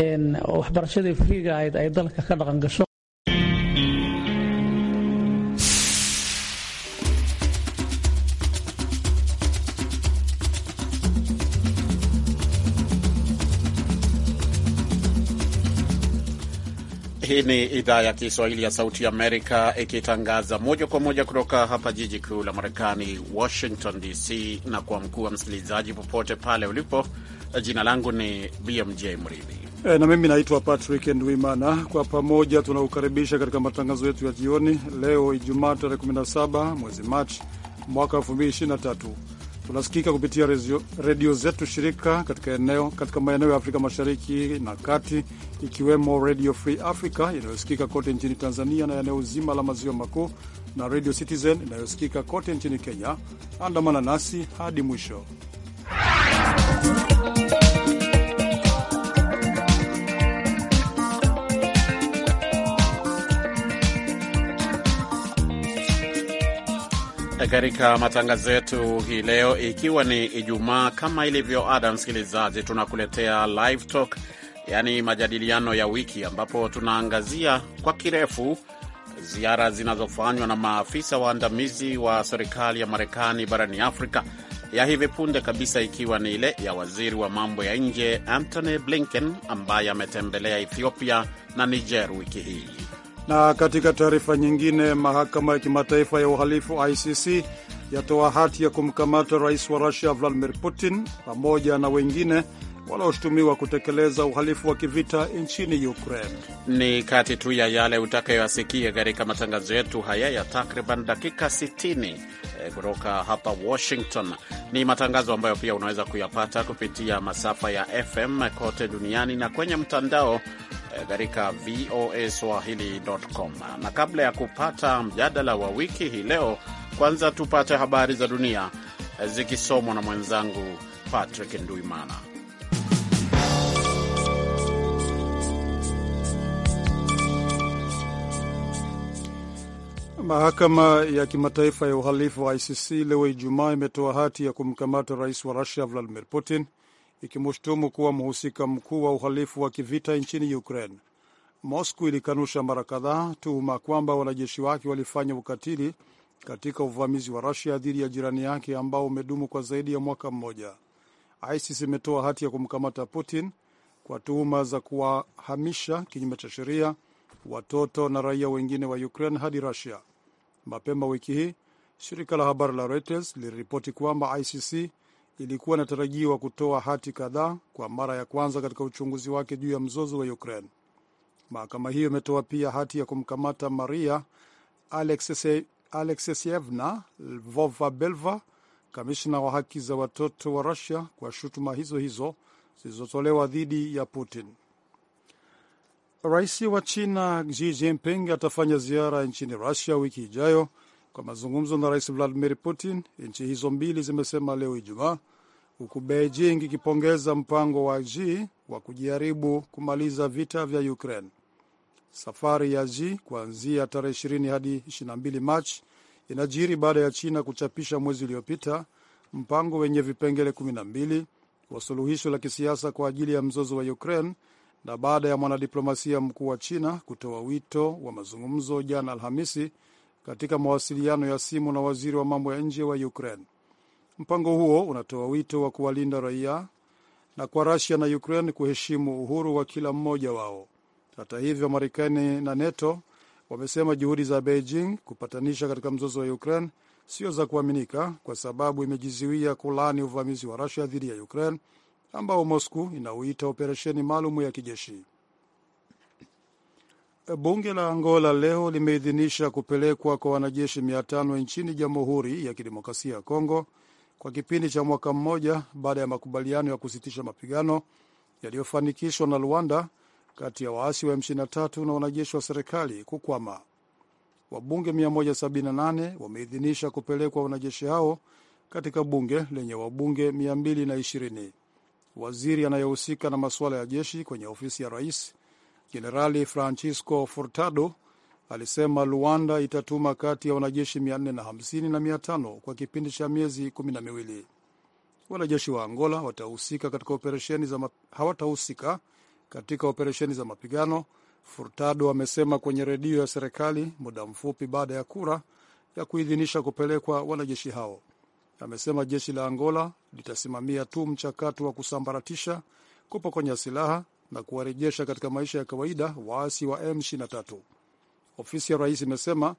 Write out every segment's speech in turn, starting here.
waxbarashadii friga ahayd ay dalka ka dhaqan gasho. Hii ni idhaa ya Kiswahili ya Sauti Amerika ikitangaza moja kwa moja kutoka hapa jiji kuu la Marekani, Washington DC. Na kwa mkuu wa msikilizaji, popote pale ulipo, jina langu ni BMJ Mridhi E, na mimi naitwa Patrick Ndwimana. Kwa pamoja tunaukaribisha katika matangazo yetu ya jioni leo Ijumaa tarehe 17 mwezi Machi mwaka 2023. Tunasikika kupitia redio zetu shirika katika eneo, katika maeneo ya Afrika Mashariki na Kati ikiwemo Radio Free Africa inayosikika kote nchini Tanzania na eneo zima la maziwa makuu na Radio Citizen inayosikika kote nchini Kenya. Andamana nasi hadi mwisho E, katika matangazo yetu hii leo, ikiwa ni Ijumaa. Kama ilivyo ada, msikilizaji, tunakuletea live talk, yaani majadiliano ya wiki, ambapo tunaangazia kwa kirefu ziara zinazofanywa na maafisa waandamizi wa serikali ya Marekani barani Afrika, ya hivi punde kabisa ikiwa ni ile ya waziri wa mambo ya nje Antony Blinken ambaye ametembelea Ethiopia na Niger wiki hii. Na katika taarifa nyingine, mahakama ya kimataifa ya uhalifu ICC yatoa hati ya kumkamata rais wa Rusia Vladimir Putin pamoja na wengine wanaoshutumiwa kutekeleza uhalifu wa kivita nchini Ukraine. Ni kati tu ya yale utakayoyasikia katika matangazo yetu haya ya takriban dakika 60 eh, kutoka hapa Washington. Ni matangazo ambayo pia unaweza kuyapata kupitia masafa ya FM kote duniani na kwenye mtandao Eh, katika VOA Swahili.com. Na kabla ya kupata mjadala wa wiki hii leo, kwanza tupate habari za dunia eh, zikisomwa na mwenzangu Patrick Nduimana. Mahakama ya kimataifa ya uhalifu wa ICC leo Ijumaa imetoa hati ya kumkamata rais wa Rusia Vladimir Putin ikimshutumu kuwa mhusika mkuu wa uhalifu wa kivita nchini Ukraine. Moscow ilikanusha mara kadhaa tuhuma kwamba wanajeshi wake walifanya ukatili katika uvamizi wa Rusia dhidi ya jirani yake ambao umedumu kwa zaidi ya mwaka mmoja. ISIS imetoa hati ya kumkamata Putin kwa tuhuma za kuwahamisha kinyume cha sheria watoto na raia wengine wa Ukraine hadi Rusia. Mapema wiki hii shirika la habari la Reuters liliripoti kwamba ICC ilikuwa inatarajiwa kutoa hati kadhaa kwa mara ya kwanza katika uchunguzi wake juu ya mzozo wa Ukraine. Mahakama hiyo imetoa pia hati ya kumkamata Maria Alexeyevna Lvova Belva, kamishna wa haki za watoto wa Rusia, kwa shutuma hizo hizo zilizotolewa dhidi ya Putin. Rais wa China Xi Jinping atafanya ziara nchini Rusia wiki ijayo kwa mazungumzo na Rais Vladimir Putin, nchi hizo mbili zimesema leo Ijumaa, huku Beijing ikipongeza mpango wa Xi wa kujaribu kumaliza vita vya Ukraine. Safari ya Xi kuanzia tarehe 20 hadi 22 Machi inajiri baada ya China kuchapisha mwezi uliopita mpango wenye vipengele 12 wa suluhisho la kisiasa kwa ajili ya mzozo wa Ukraine na baada ya mwanadiplomasia mkuu wa China kutoa wito wa mazungumzo jana Alhamisi katika mawasiliano ya simu na waziri wa mambo ya nje wa Ukraine. Mpango huo unatoa wito wa kuwalinda raia na kwa rasia na Ukraine kuheshimu uhuru wa kila mmoja wao. Hata hivyo, Marekani na NATO wamesema juhudi za Beijing kupatanisha katika mzozo wa Ukraine sio za kuaminika kwa sababu imejizuia kulaani uvamizi wa rasia dhidi ya Ukraine ambao Moscow inauita operesheni maalum ya kijeshi. Bunge la Angola leo limeidhinisha kupelekwa kwa wanajeshi 5 nchini Jamhuri ya Kidemokrasia ya Kongo kwa kipindi cha mwaka mmoja baada ya makubaliano ya kusitisha mapigano yaliyofanikishwa na Rwanda kati ya waasi wa M23 na wanajeshi wa serikali kukwama. Wabunge 178 wameidhinisha kupelekwa wanajeshi hao katika bunge lenye wabunge 220. Waziri anayehusika na masuala ya jeshi kwenye ofisi ya rais Jenerali Francisco Furtado alisema Luanda itatuma kati ya wanajeshi 450 na 500 kwa kipindi cha miezi kumi na miwili. Wanajeshi wa Angola watahusika katika operesheni za map... hawatahusika katika operesheni za mapigano, Furtado amesema kwenye redio ya serikali muda mfupi baada ya kura ya kuidhinisha kupelekwa wanajeshi hao. Amesema jeshi la Angola litasimamia tu mchakato wa kusambaratisha, kupokonya silaha na kuwarejesha katika maisha ya kawaida waasi wa M23. Ofisi ya rais imesema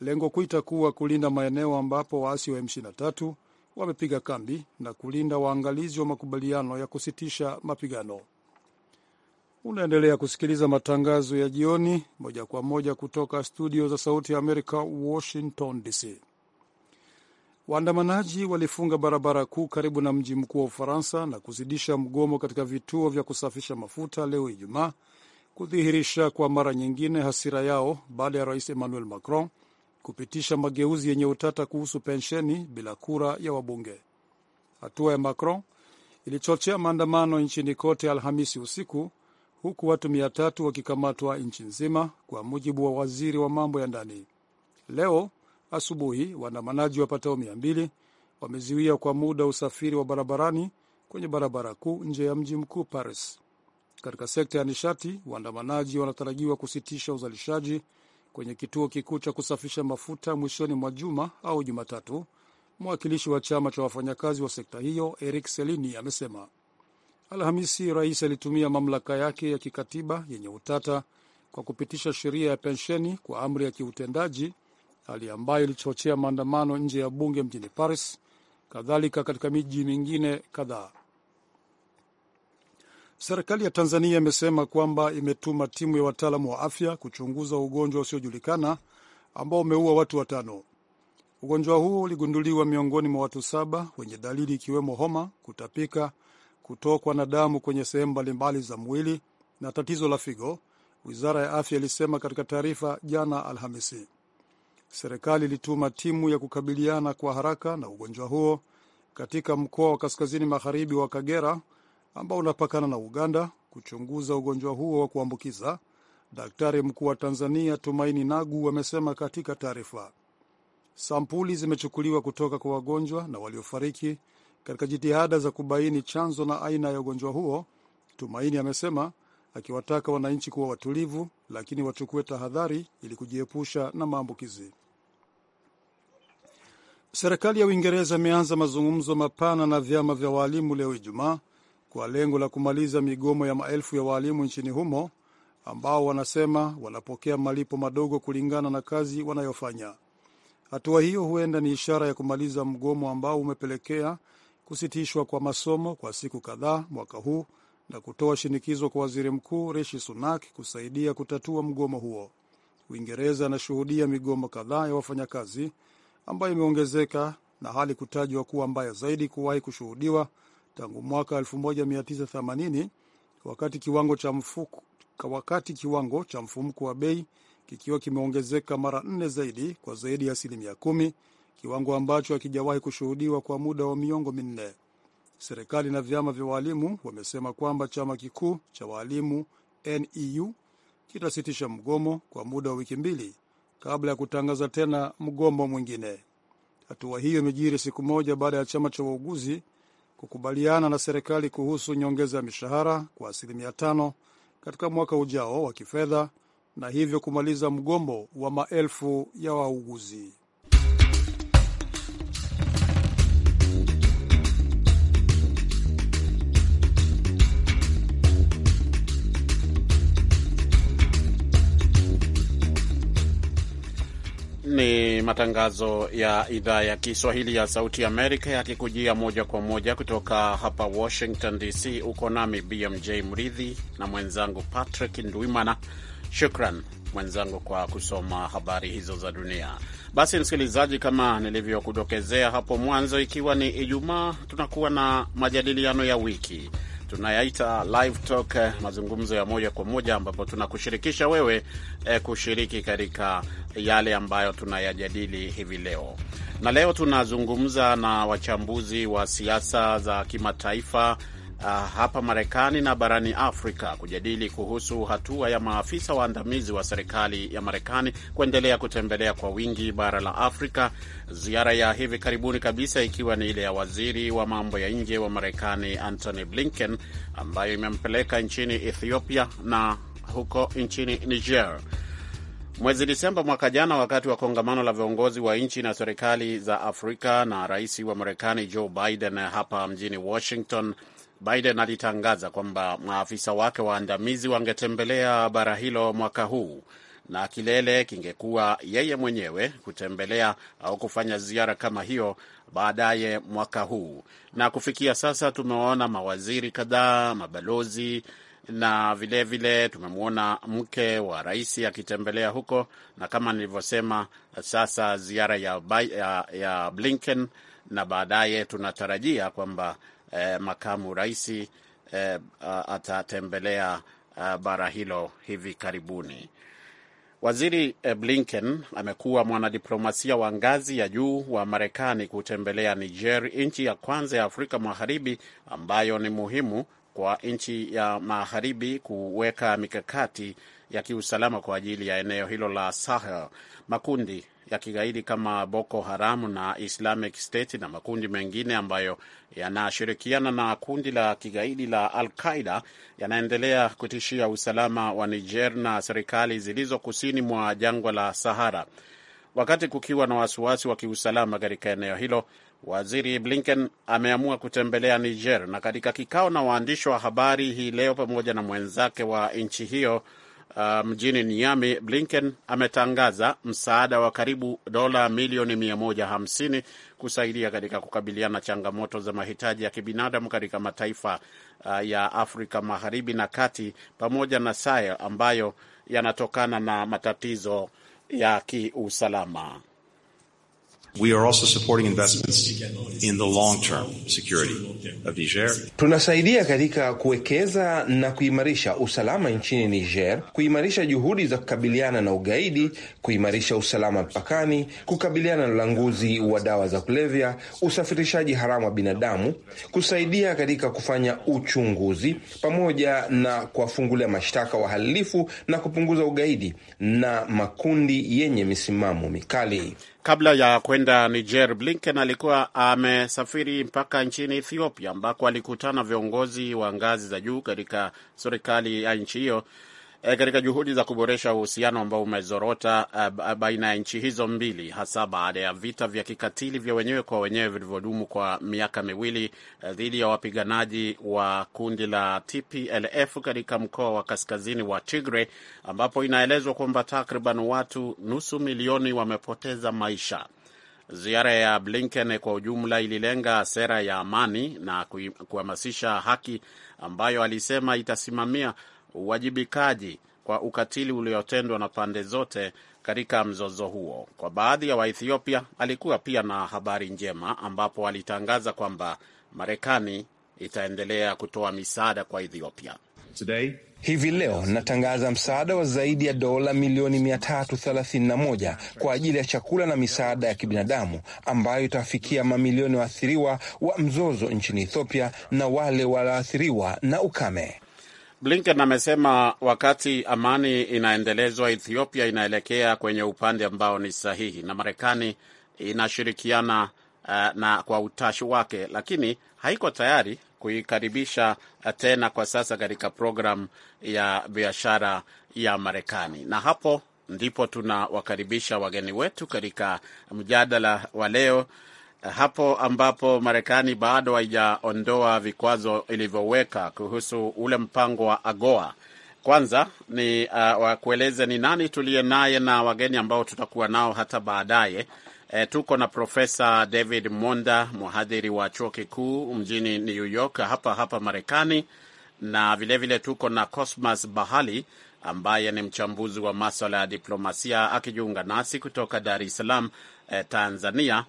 lengo kuu itakuwa kulinda maeneo ambapo waasi wa M23 wamepiga kambi na kulinda waangalizi wa makubaliano ya kusitisha mapigano. Unaendelea kusikiliza matangazo ya jioni moja kwa moja kutoka studio za Sauti ya Amerika, Washington DC. Waandamanaji walifunga barabara kuu karibu na mji mkuu wa Ufaransa na kuzidisha mgomo katika vituo vya kusafisha mafuta leo Ijumaa kudhihirisha kwa mara nyingine hasira yao baada ya rais Emmanuel Macron kupitisha mageuzi yenye utata kuhusu pensheni bila kura ya wabunge. Hatua ya Macron ilichochea maandamano nchini kote Alhamisi usiku, huku watu mia tatu wakikamatwa nchi nzima, kwa mujibu wa waziri wa mambo ya ndani. Leo asubuhi waandamanaji wapatao mia mbili wamezuia kwa muda usafiri wa barabarani kwenye barabara kuu nje ya mji mkuu Paris. Katika sekta ya nishati, waandamanaji wanatarajiwa kusitisha uzalishaji kwenye kituo kikuu cha kusafisha mafuta mwishoni mwa juma au Jumatatu. Mwakilishi wa chama cha wafanyakazi wa sekta hiyo Eric Selini amesema Alhamisi rais alitumia mamlaka yake ya kikatiba yenye utata kwa kupitisha sheria ya pensheni kwa amri ya kiutendaji, hali ambayo ilichochea maandamano nje ya bunge mjini Paris, kadhalika katika miji mingine kadhaa. Serikali ya Tanzania imesema kwamba imetuma timu ya wataalamu wa afya kuchunguza ugonjwa usiojulikana ambao umeua watu watano. Ugonjwa huo uligunduliwa miongoni mwa watu saba wenye dalili ikiwemo homa, kutapika, kutokwa na damu kwenye sehemu mbalimbali za mwili na tatizo la figo, wizara ya afya ilisema katika taarifa jana Alhamisi. Serikali ilituma timu ya kukabiliana kwa haraka na ugonjwa huo katika mkoa wa kaskazini magharibi wa Kagera ambao unapakana na Uganda kuchunguza ugonjwa huo wa kuambukiza. Daktari mkuu wa Tanzania Tumaini Nagu amesema katika taarifa, sampuli zimechukuliwa kutoka kwa wagonjwa na waliofariki katika jitihada za kubaini chanzo na aina ya ugonjwa huo. Tumaini amesema akiwataka wananchi kuwa watulivu, lakini wachukue tahadhari ili kujiepusha na maambukizi. Serikali ya Uingereza imeanza mazungumzo mapana na vyama vya waalimu leo Ijumaa kwa lengo la kumaliza migomo ya maelfu ya waalimu nchini humo ambao wanasema wanapokea malipo madogo kulingana na kazi wanayofanya. Hatua hiyo huenda ni ishara ya kumaliza mgomo ambao umepelekea kusitishwa kwa masomo kwa siku kadhaa mwaka huu na kutoa shinikizo kwa waziri mkuu Rishi Sunak kusaidia kutatua mgomo huo. Uingereza anashuhudia migomo kadhaa ya wafanyakazi ambayo imeongezeka na hali kutajwa kuwa mbaya zaidi kuwahi kushuhudiwa tangu mwaka 1980 wakati kiwango cha mfuko wakati kiwango cha mfumko wa bei kikiwa kimeongezeka mara nne zaidi kwa zaidi ya asilimia kumi, kiwango ambacho hakijawahi kushuhudiwa kwa muda wa miongo minne. Serikali na vyama vya waalimu wamesema kwamba chama kikuu cha waalimu NEU kitasitisha mgomo kwa muda wa wiki mbili kabla ya kutangaza tena mgomo mwingine. Hatua hiyo imejiri siku moja baada ya chama cha wauguzi kukubaliana na serikali kuhusu nyongeza ya mishahara kwa asilimia tano katika mwaka ujao wa kifedha na hivyo kumaliza mgomo wa maelfu ya wauguzi. Ni matangazo ya idhaa ya Kiswahili ya Sauti Amerika yakikujia moja kwa moja kutoka hapa Washington DC. Uko nami BMJ Mridhi na mwenzangu Patrick Ndwimana. Shukran mwenzangu kwa kusoma habari hizo za dunia. Basi msikilizaji, kama nilivyokudokezea hapo mwanzo, ikiwa ni Ijumaa, tunakuwa na majadiliano ya wiki tunayaita live talk, eh, mazungumzo ya moja kwa moja, ambapo tunakushirikisha wewe eh, kushiriki katika yale ambayo tunayajadili hivi leo. Na leo tunazungumza na wachambuzi wa siasa za kimataifa Ah, hapa Marekani na barani Afrika kujadili kuhusu hatua ya maafisa waandamizi wa serikali ya Marekani kuendelea kutembelea kwa wingi bara la Afrika, ziara ya hivi karibuni kabisa ikiwa ni ile ya waziri wa mambo ya nje wa Marekani Antony Blinken ambayo imempeleka nchini Ethiopia na huko nchini Niger. Mwezi Disemba mwaka jana, wakati wa kongamano la viongozi wa nchi na serikali za Afrika na rais wa Marekani Joe Biden hapa mjini Washington, Biden alitangaza kwamba maafisa wake waandamizi wangetembelea bara hilo mwaka huu na kilele kingekuwa yeye mwenyewe kutembelea au kufanya ziara kama hiyo baadaye mwaka huu. Na kufikia sasa tumewaona mawaziri kadhaa, mabalozi na vilevile tumemwona mke wa rais akitembelea huko, na kama nilivyosema, sasa ziara ya, ya, ya Blinken na baadaye tunatarajia kwamba eh, makamu raisi eh, atatembelea eh, bara hilo hivi karibuni. Waziri eh, Blinken amekuwa mwanadiplomasia wa ngazi ya juu wa Marekani kutembelea Niger, nchi ya kwanza ya Afrika Magharibi ambayo ni muhimu kwa nchi ya magharibi kuweka mikakati ya kiusalama kwa ajili ya eneo hilo la Sahel. Makundi ya kigaidi kama Boko Haramu na Islamic State na makundi mengine ambayo yanashirikiana na kundi la kigaidi la Al Qaida yanaendelea kutishia usalama wa Niger na serikali zilizo kusini mwa jangwa la Sahara, wakati kukiwa na wasiwasi wa kiusalama katika eneo hilo. Waziri Blinken ameamua kutembelea Niger, na katika kikao na waandishi wa habari hii leo pamoja na mwenzake wa nchi hiyo uh, mjini niami Blinken ametangaza msaada wa karibu dola milioni 150 kusaidia katika kukabiliana changamoto za mahitaji ya kibinadamu katika mataifa uh, ya Afrika Magharibi na Kati pamoja na Sahel ambayo yanatokana na matatizo ya kiusalama. We are also supporting investments in the long term security of Niger. Tunasaidia katika kuwekeza na kuimarisha usalama nchini Niger, kuimarisha juhudi za kukabiliana na ugaidi, kuimarisha usalama mpakani, kukabiliana na ulanguzi wa dawa za kulevya, usafirishaji haramu wa binadamu, kusaidia katika kufanya uchunguzi pamoja na kuwafungulia mashtaka wahalifu na kupunguza ugaidi na makundi yenye misimamo mikali. Kabla ya kwenda Niger, Blinken alikuwa amesafiri mpaka nchini Ethiopia ambako alikutana viongozi wa ngazi za juu katika serikali ya nchi hiyo E, katika juhudi za kuboresha uhusiano ambao umezorota e, baina ya nchi hizo mbili, hasa baada ya vita vya kikatili vya wenyewe kwa wenyewe vilivyodumu kwa miaka miwili e, dhidi ya wapiganaji wa kundi la TPLF katika mkoa wa kaskazini wa Tigre, ambapo inaelezwa kwamba takriban watu nusu milioni wamepoteza maisha. Ziara ya Blinken kwa ujumla ililenga sera ya amani na kuhamasisha haki ambayo alisema itasimamia uwajibikaji kwa ukatili uliotendwa na pande zote katika mzozo huo. Kwa baadhi ya Waethiopia alikuwa pia na habari njema, ambapo alitangaza kwamba Marekani itaendelea kutoa misaada kwa Ethiopia. Today, hivi leo natangaza msaada wa zaidi ya dola milioni 331 kwa ajili ya chakula na misaada ya kibinadamu ambayo itawafikia mamilioni waathiriwa wa mzozo nchini Ethiopia na wale walioathiriwa na ukame. Blinken amesema wakati amani inaendelezwa, Ethiopia inaelekea kwenye upande ambao ni sahihi na Marekani inashirikiana uh, na kwa utashi wake, lakini haiko tayari kuikaribisha eh, tena kwa sasa katika programu ya biashara ya Marekani. Na hapo ndipo tunawakaribisha wageni wetu katika mjadala wa leo hapo ambapo Marekani bado haijaondoa vikwazo ilivyoweka kuhusu ule mpango wa AGOA. Kwanza ni uh, wakueleze ni nani tuliye naye na wageni ambao tutakuwa nao hata baadaye. E, tuko na Profesa David Monda, mhadhiri wa chuo kikuu mjini New York hapa hapa Marekani, na vilevile vile tuko na Cosmas Bahali ambaye ni mchambuzi wa maswala ya diplomasia akijiunga nasi kutoka Dar es Salaam, eh, Tanzania.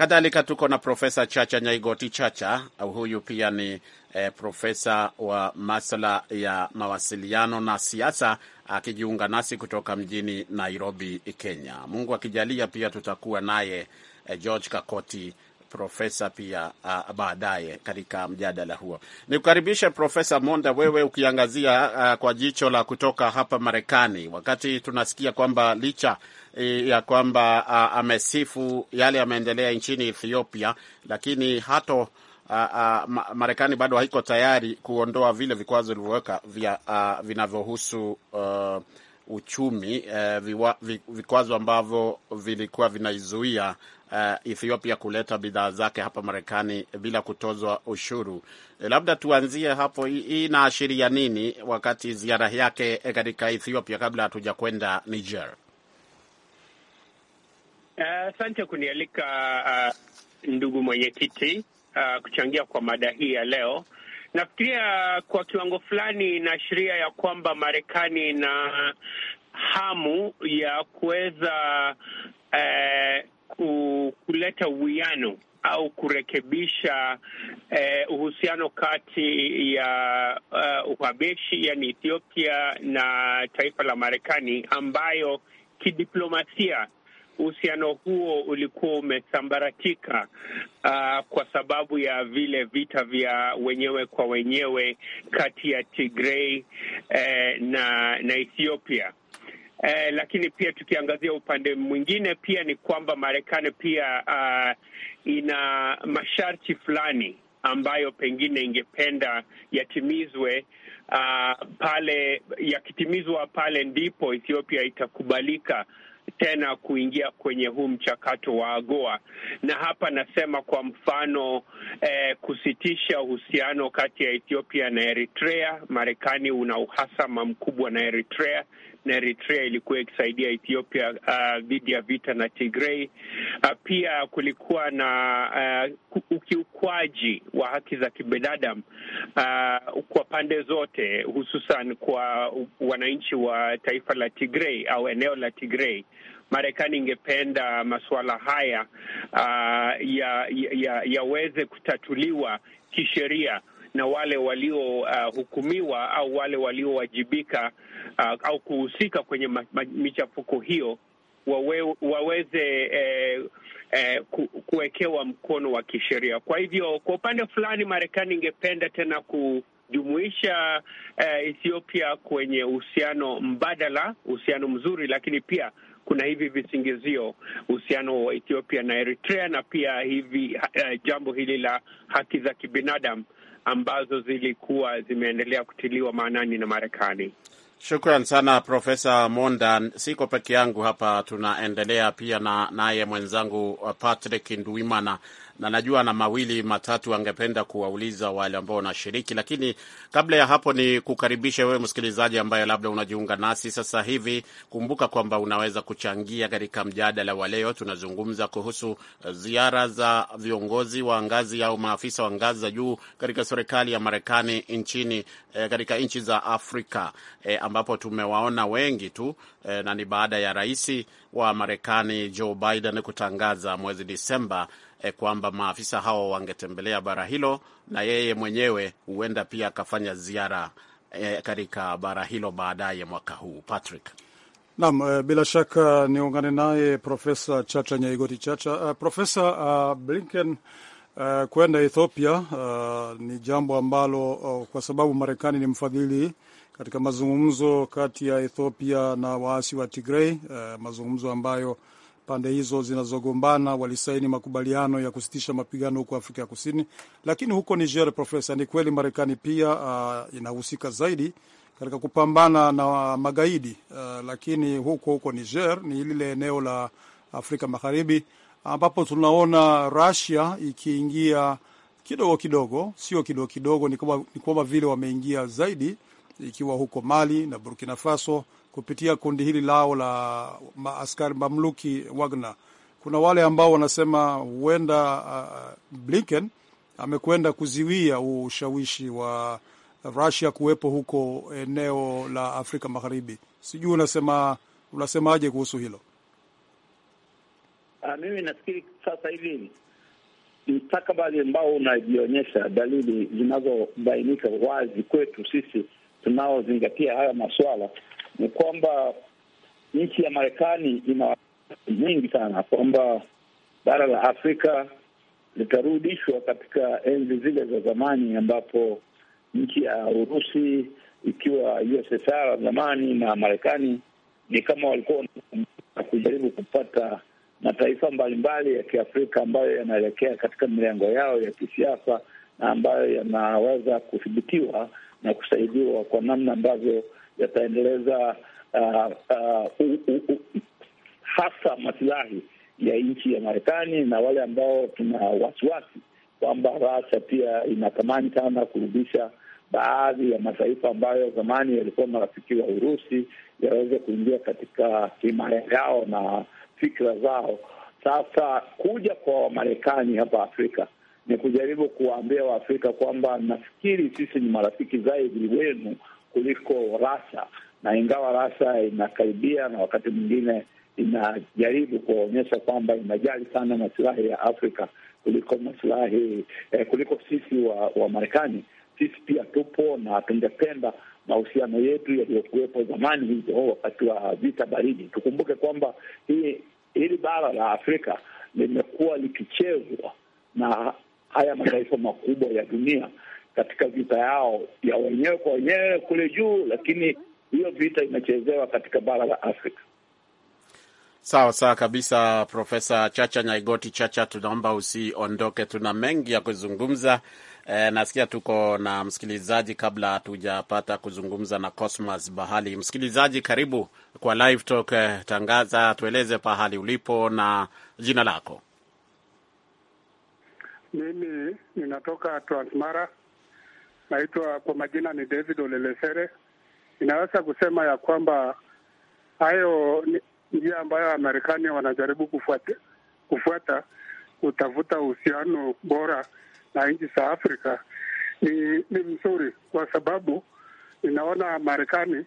Kadhalika tuko na Profesa Chacha Nyaigoti Chacha, huyu pia ni eh, profesa wa masuala ya mawasiliano na siasa, akijiunga nasi kutoka mjini Nairobi, Kenya. Mungu akijalia, pia tutakuwa naye eh, George Kakoti profesa pia ah, baadaye katika mjadala huo. Nikukaribishe Profesa Monda, wewe ukiangazia uh, kwa jicho la kutoka hapa Marekani, wakati tunasikia kwamba licha ya kwamba amesifu yale yameendelea nchini Ethiopia, lakini hato Marekani bado haiko tayari kuondoa vile vikwazo vilivyoweka vinavyohusu uh, uchumi uh, vikwazo ambavyo vilikuwa vinaizuia Uh, Ethiopia kuleta bidhaa zake hapa Marekani bila kutozwa ushuru. E, labda tuanzie hapo, hii inaashiria nini wakati ziara yake e, katika Ethiopia kabla hatuja kwenda Niger? Eh, asante uh, kunialika uh, ndugu mwenyekiti uh, kuchangia kwa mada hii ya leo. Nafikiria kwa kiwango fulani inaashiria ya kwamba Marekani ina hamu ya kuweza uh, kuleta uwiano au kurekebisha eh, uhusiano kati ya uh, Uhabeshi yani Ethiopia na taifa la Marekani ambayo kidiplomasia uhusiano huo ulikuwa umesambaratika uh, kwa sababu ya vile vita vya wenyewe kwa wenyewe kati ya tigrei eh, na, na Ethiopia. Eh, lakini pia tukiangazia upande mwingine pia ni kwamba Marekani pia uh, ina masharti fulani ambayo pengine ingependa yatimizwe. Uh, pale yakitimizwa, pale ndipo Ethiopia itakubalika tena kuingia kwenye huu mchakato wa AGOA, na hapa nasema kwa mfano eh, kusitisha uhusiano kati ya Ethiopia na Eritrea. Marekani una uhasama mkubwa na Eritrea na Eritrea ilikuwa ikisaidia Ethiopia uh, dhidi uh, ya vita na tigrei Uh, pia kulikuwa na uh, ukiukwaji wa haki za kibinadamu uh, kwa pande zote, hususan kwa wananchi wa taifa la tigrei au eneo la tigrei Marekani ingependa masuala haya uh, yaweze ya, ya kutatuliwa kisheria na wale waliohukumiwa uh, au wale waliowajibika uh, au kuhusika kwenye ma, ma, michafuko hiyo wawe, waweze eh, eh, ku, kuwekewa mkono wa kisheria. Kwa hivyo kwa upande fulani Marekani ingependa tena ku jumuisha uh, eh, Ethiopia kwenye uhusiano mbadala, uhusiano mzuri, lakini pia kuna hivi visingizio, uhusiano wa Ethiopia na Eritrea na pia hivi uh, jambo hili la haki za kibinadamu ambazo zilikuwa zimeendelea kutiliwa maanani na Marekani. Shukran sana Profesa Monda. Siko peke yangu hapa, tunaendelea pia na naye mwenzangu uh, Patrick Nduimana na najua na mawili matatu angependa kuwauliza wale ambao wanashiriki, lakini kabla ya hapo ni kukaribisha wewe msikilizaji ambaye labda unajiunga nasi sasa hivi. Kumbuka kwamba unaweza kuchangia katika mjadala wa leo. Tunazungumza kuhusu ziara za viongozi wa ngazi au maafisa wa ngazi za juu katika serikali ya Marekani nchini e, katika nchi za Afrika e, ambapo tumewaona wengi tu e, na ni baada ya rais wa Marekani Joe Biden kutangaza mwezi Disemba eh, kwamba maafisa hao wangetembelea bara hilo na yeye mwenyewe huenda pia akafanya ziara eh, katika bara hilo baadaye mwaka huu. Patrick. Naam, eh, bila shaka niungane naye Profesa Chacha Nyaigoti Chacha. Uh, Profesa uh, Blinken uh, kwenda Ethiopia uh, ni jambo ambalo uh, kwa sababu Marekani ni mfadhili katika mazungumzo kati ya Ethiopia na waasi wa Tigrei uh, mazungumzo ambayo pande hizo zinazogombana walisaini makubaliano ya kusitisha mapigano huko Afrika ya Kusini. Lakini huko Niger, Profesa, ni kweli Marekani pia uh, inahusika zaidi katika kupambana na magaidi uh, lakini huko huko Niger ni lile eneo la Afrika Magharibi ambapo tunaona Russia ikiingia kidogo kidogo, sio kidogo kidogo, ni kwamba vile wameingia zaidi, ikiwa huko Mali na Burkina Faso kupitia kundi hili lao la maaskari mamluki Wagner. Kuna wale ambao wanasema huenda uh, uh, Blinken amekwenda kuziwia ushawishi wa Russia kuwepo huko eneo la Afrika Magharibi. Sijui unasema unasemaje kuhusu hilo? Uh, mimi nafikiri sasa hivi mstakabali ambao unajionyesha, dalili zinazobainika wazi kwetu sisi tunaozingatia haya masuala ni kwamba nchi ya Marekani ina wasiwasi mwingi sana kwamba bara la Afrika litarudishwa katika enzi zile za zamani ambapo nchi ya Urusi ikiwa USSR zamani na Marekani ni kama walikuwa kujaribu kupata mataifa mbalimbali ya Kiafrika ambayo yanaelekea katika milengo yao ya kisiasa na ambayo yanaweza kudhibitiwa na kusaidiwa kwa namna ambavyo yataendeleza uh, uh, hasa masilahi ya nchi ya Marekani na wale ambao tuna wasiwasi kwamba rasha pia inatamani sana kurudisha baadhi ya mataifa ambayo zamani yalikuwa marafiki wa Urusi yaweze kuingia katika himaya yao na fikra zao. Sasa kuja kwa Wamarekani hapa Afrika ni kujaribu kuwaambia Waafrika kwamba nafikiri sisi ni marafiki zaidi wenu kuliko rasa, na ingawa rasa inakaribia na wakati mwingine inajaribu kuonyesha kwamba inajali sana masilahi ya Afrika kuliko masilahi eh, kuliko sisi wa, wa Marekani. Sisi pia tupo na tungependa mahusiano yetu yaliyokuwepo zamani hizo wakati wa vita baridi. Tukumbuke kwamba hii hili bara la Afrika limekuwa likichezwa na haya mataifa makubwa ya dunia katika vita yao ya wenyewe kwa wenyewe kule juu, lakini hiyo vita inachezewa katika bara la Afrika. Sawa sawa kabisa, Profesa Chacha Nyaigoti Chacha, tunaomba usiondoke, tuna mengi ya kuzungumza. E, nasikia tuko na msikilizaji kabla hatujapata kuzungumza na Cosmas Bahali. Msikilizaji, karibu kwa Live Talk. Eh, tangaza, tueleze pahali ulipo na jina lako. Mimi ninatoka Transmara naitwa kwa majina ni David Olelesere. Inaweza kusema ya kwamba hayo ni njia ambayo Wamarekani wanajaribu kufuata, kufuata kutafuta uhusiano bora na nchi za Afrika ni, ni mzuri kwa sababu ninaona Marekani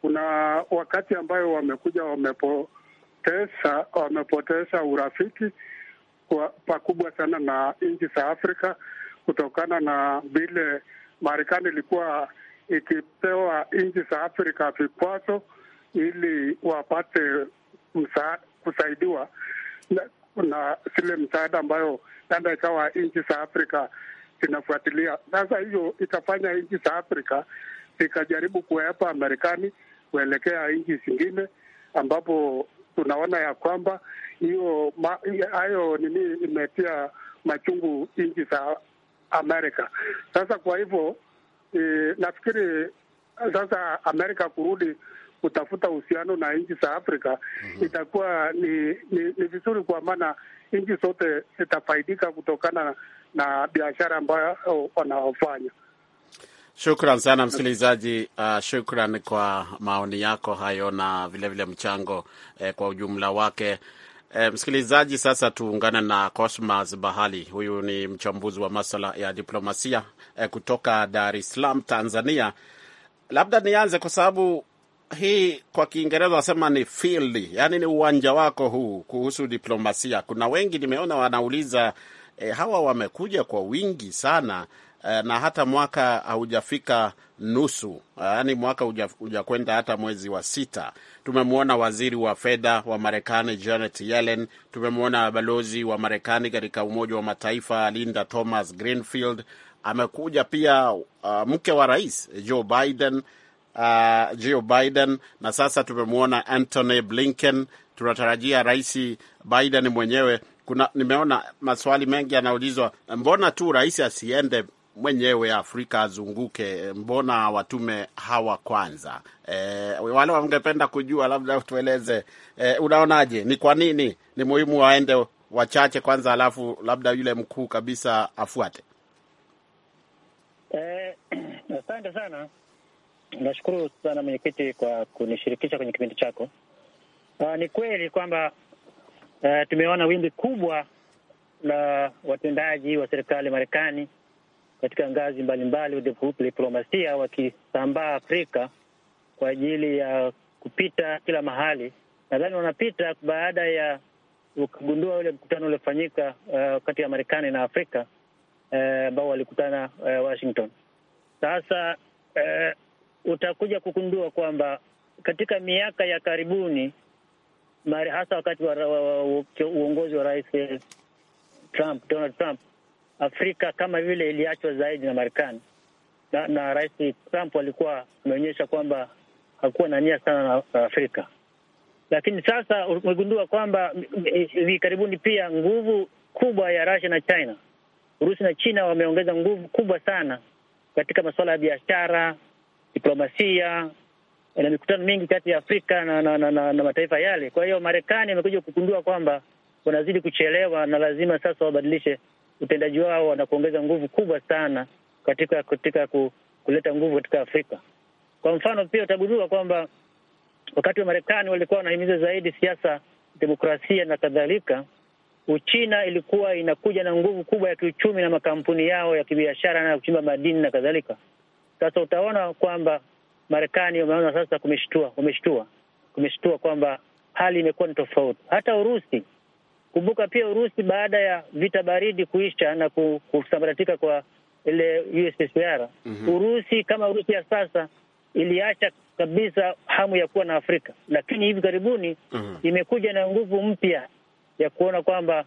kuna wakati ambayo wamekuja wamepoteza wamepoteza urafiki pakubwa sana na nchi za Afrika kutokana na vile Marekani ilikuwa ikipewa nchi za Afrika vikwazo ili wapate msa, kusaidiwa na, na zile msaada ambayo labda ikawa nchi za Afrika zinafuatilia. Sasa hiyo itafanya nchi za Afrika zikajaribu kuwepa Marekani kuelekea nchi zingine, ambapo tunaona ya kwamba hiyo hayo nini imetia machungu nchi za Amerika. Sasa kwa hivyo e, nafikiri sasa Amerika kurudi kutafuta uhusiano na nchi za Afrika mm -hmm. itakuwa ni, ni, ni vizuri kwa maana nchi zote zitafaidika kutokana na, biashara ambayo wanaofanya. Shukran sana msikilizaji. Uh, shukran kwa maoni yako hayo na vilevile vile mchango eh, kwa ujumla wake. E, msikilizaji, sasa tuungane na Cosmas Bahali. Huyu ni mchambuzi wa masala ya diplomasia e, kutoka Dar es Salaam, Tanzania. Labda nianze kwa sababu hii kwa Kiingereza wasema ni field, yani ni uwanja wako huu kuhusu diplomasia. Kuna wengi nimeona wanauliza e, hawa wamekuja kwa wingi sana Eh, na hata mwaka haujafika nusu, yaani mwaka hujakwenda hata mwezi wa sita. Tumemwona waziri wa fedha wa Marekani Janet Yellen, tumemwona balozi wa Marekani katika Umoja wa Mataifa Linda Thomas Greenfield, amekuja pia uh, mke wa rais Joe Biden uh, Joe Biden, na sasa tumemwona antony Blinken. Tunatarajia rais Biden mwenyewe kuna nimeona maswali mengi yanaulizwa, mbona tu rais asiende mwenyewe Afrika azunguke, eh, mbona watume hawa kwanza? E, wale wangependa kujua, labda tueleze, e, eh, unaonaje, ni kwa nini ni muhimu waende wachache kwanza, alafu labda yule mkuu kabisa afuate? Asante e, sana. Nashukuru sana mwenyekiti kwa kunishirikisha kwenye kipindi chako. Uh, ni kweli kwamba uh, tumeona wimbi kubwa la watendaji wa serikali Marekani katika ngazi mbalimbali diplomasia, wakisambaa Afrika kwa ajili ya kupita kila mahali. Nadhani wanapita baada ya ukagundua ule mkutano uliofanyika uh, kati ya Marekani na Afrika uh, ambao uh, walikutana uh, Washington. Sasa uh, utakuja kugundua kwamba katika miaka ya karibuni hasa wakati wa uongozi wa, wa, wa, wa rais uh, Trump, Donald Trump Afrika kama vile iliachwa zaidi na Marekani na, na Rais Trump alikuwa ameonyesha kwamba hakuwa na nia sana na Afrika, lakini sasa umegundua kwamba hivi karibuni pia nguvu kubwa ya Russia na China, Urusi na China wameongeza nguvu kubwa sana katika masuala ya biashara, diplomasia na mikutano mingi kati ya Afrika na, na, na, na, na mataifa yale. Kwa hiyo Marekani imekuja kugundua kwamba wanazidi kuchelewa na lazima sasa wabadilishe utendaji wao na kuongeza nguvu kubwa sana katika katika ku, kuleta nguvu katika Afrika. Kwa mfano pia utagundua kwamba wakati wa Marekani walikuwa wanahimiza zaidi siasa, demokrasia na kadhalika, Uchina ilikuwa inakuja na nguvu kubwa ya kiuchumi na makampuni yao ya kibiashara na kuchimba madini na kadhalika. Sasa utaona kwamba Marekani wameona sasa kumeshtua, wameshtua, kumeshtua kwamba hali imekuwa ni tofauti. Hata Urusi Kumbuka pia Urusi baada ya vita baridi kuisha na kusambaratika kwa ile USSR mm -hmm. Urusi kama Urusi ya sasa iliacha kabisa hamu ya kuwa na Afrika, lakini hivi karibuni mm -hmm. imekuja na nguvu mpya ya kuona kwamba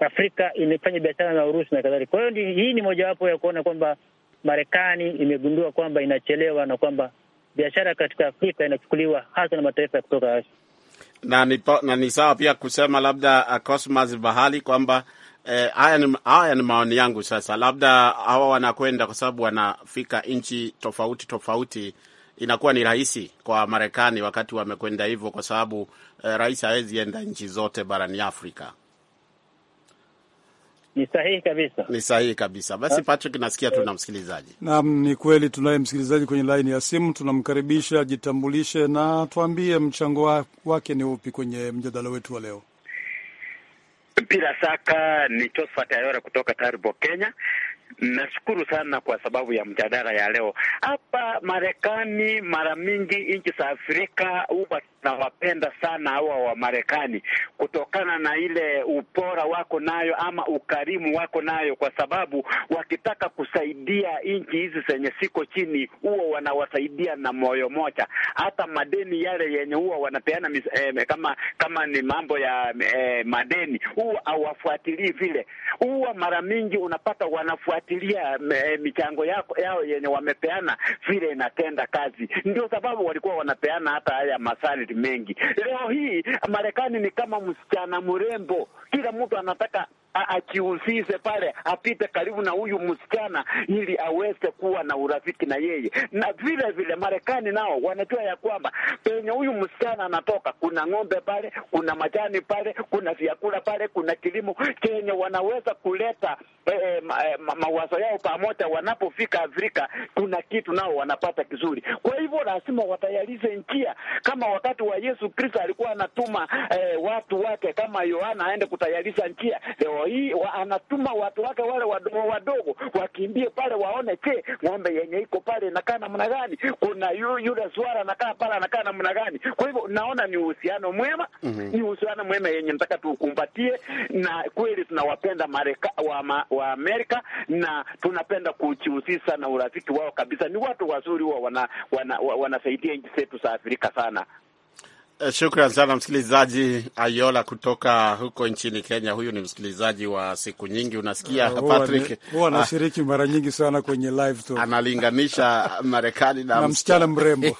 Afrika imefanya biashara na Urusi na kadhalika. Kwa hiyo hii ni mojawapo ya kuona kwamba Marekani imegundua kwamba inachelewa na kwamba biashara katika Afrika inachukuliwa hasa na mataifa ya kutoka Asia na ni, na ni sawa pia kusema labda uh, Cosmas Bahali kwamba eh, haya eh, ni, ni maoni yangu. Sasa labda hawa wanakwenda kwa sababu wanafika nchi tofauti tofauti, inakuwa ni rahisi kwa Marekani wakati wamekwenda hivyo, kwa sababu eh, rais hawezi enda nchi zote barani Afrika. Ni sahihi kabisa, ni sahihi kabisa. Basi ah. Patrick, nasikia tuna msikilizaji. Naam, ni kweli tunaye msikilizaji kwenye laini ya simu, tunamkaribisha ajitambulishe na tuambie mchango wake ni upi kwenye mjadala wetu wa leo. Bila shaka ni Josephat Ayora kutoka Taribo, Kenya. Nashukuru sana kwa sababu ya mjadala ya leo. Hapa Marekani mara mingi nchi za Afrika huwa nawapenda sana hawa wa Marekani kutokana na ile upora wako nayo ama ukarimu wako nayo, kwa sababu wakitaka kusaidia nchi hizi zenye siko chini huo wanawasaidia na moyo moja. Hata madeni yale yenye huwa wanapeana eh, kama kama ni mambo ya eh, madeni huwa hawafuatilii vile. Huwa mara mingi unapata wanafuatilia eh, michango yako yao yenye wamepeana vile inatenda kazi. Ndio sababu walikuwa wanapeana hata haya masali mengi. Leo hii Marekani ni kama msichana mrembo, kila mtu anataka ajihusishe pale, apite karibu na huyu msichana ili aweze kuwa na urafiki na yeye. Na vile vile Marekani nao wanajua ya kwamba penye huyu msichana anatoka kuna ng'ombe pale, kuna majani pale, kuna vyakula pale, kuna kilimo chenye wanaweza kuleta eh, eh ma, eh, ma, mawazo yao pamoja. Wanapofika Afrika kuna kitu nao wanapata kizuri. Kwa hivyo lazima watayarize njia, kama wakati wa Yesu Kristo alikuwa anatuma eh, watu wake kama Yohana aende kutayarisha njia leo leo hii wa, anatuma watu wake wale wadogo wadogo wakimbie pale waone, che ng'ombe yenye iko pale inakaa namna gani, kuna yu, yule swara anakaa pale anakaa namna gani. Kwa hivyo naona ni uhusiano mwema mm -hmm. ni uhusiano mwema yenye nataka tukumbatie, na kweli tunawapenda Mareka, wa, ma, wa Amerika na tunapenda kujihusisha na urafiki wao kabisa. Ni watu wazuri, huwa wanasaidia wana, wana, wana nchi zetu za Afrika sana. Eh, shukran sana msikilizaji Ayola kutoka huko nchini Kenya. Huyu ni msikilizaji wa siku nyingi, unasikia uh, Patrick huwa anashiriki ah, uh, mara nyingi sana kwenye live analinganisha Marekani na, na msichana mrembo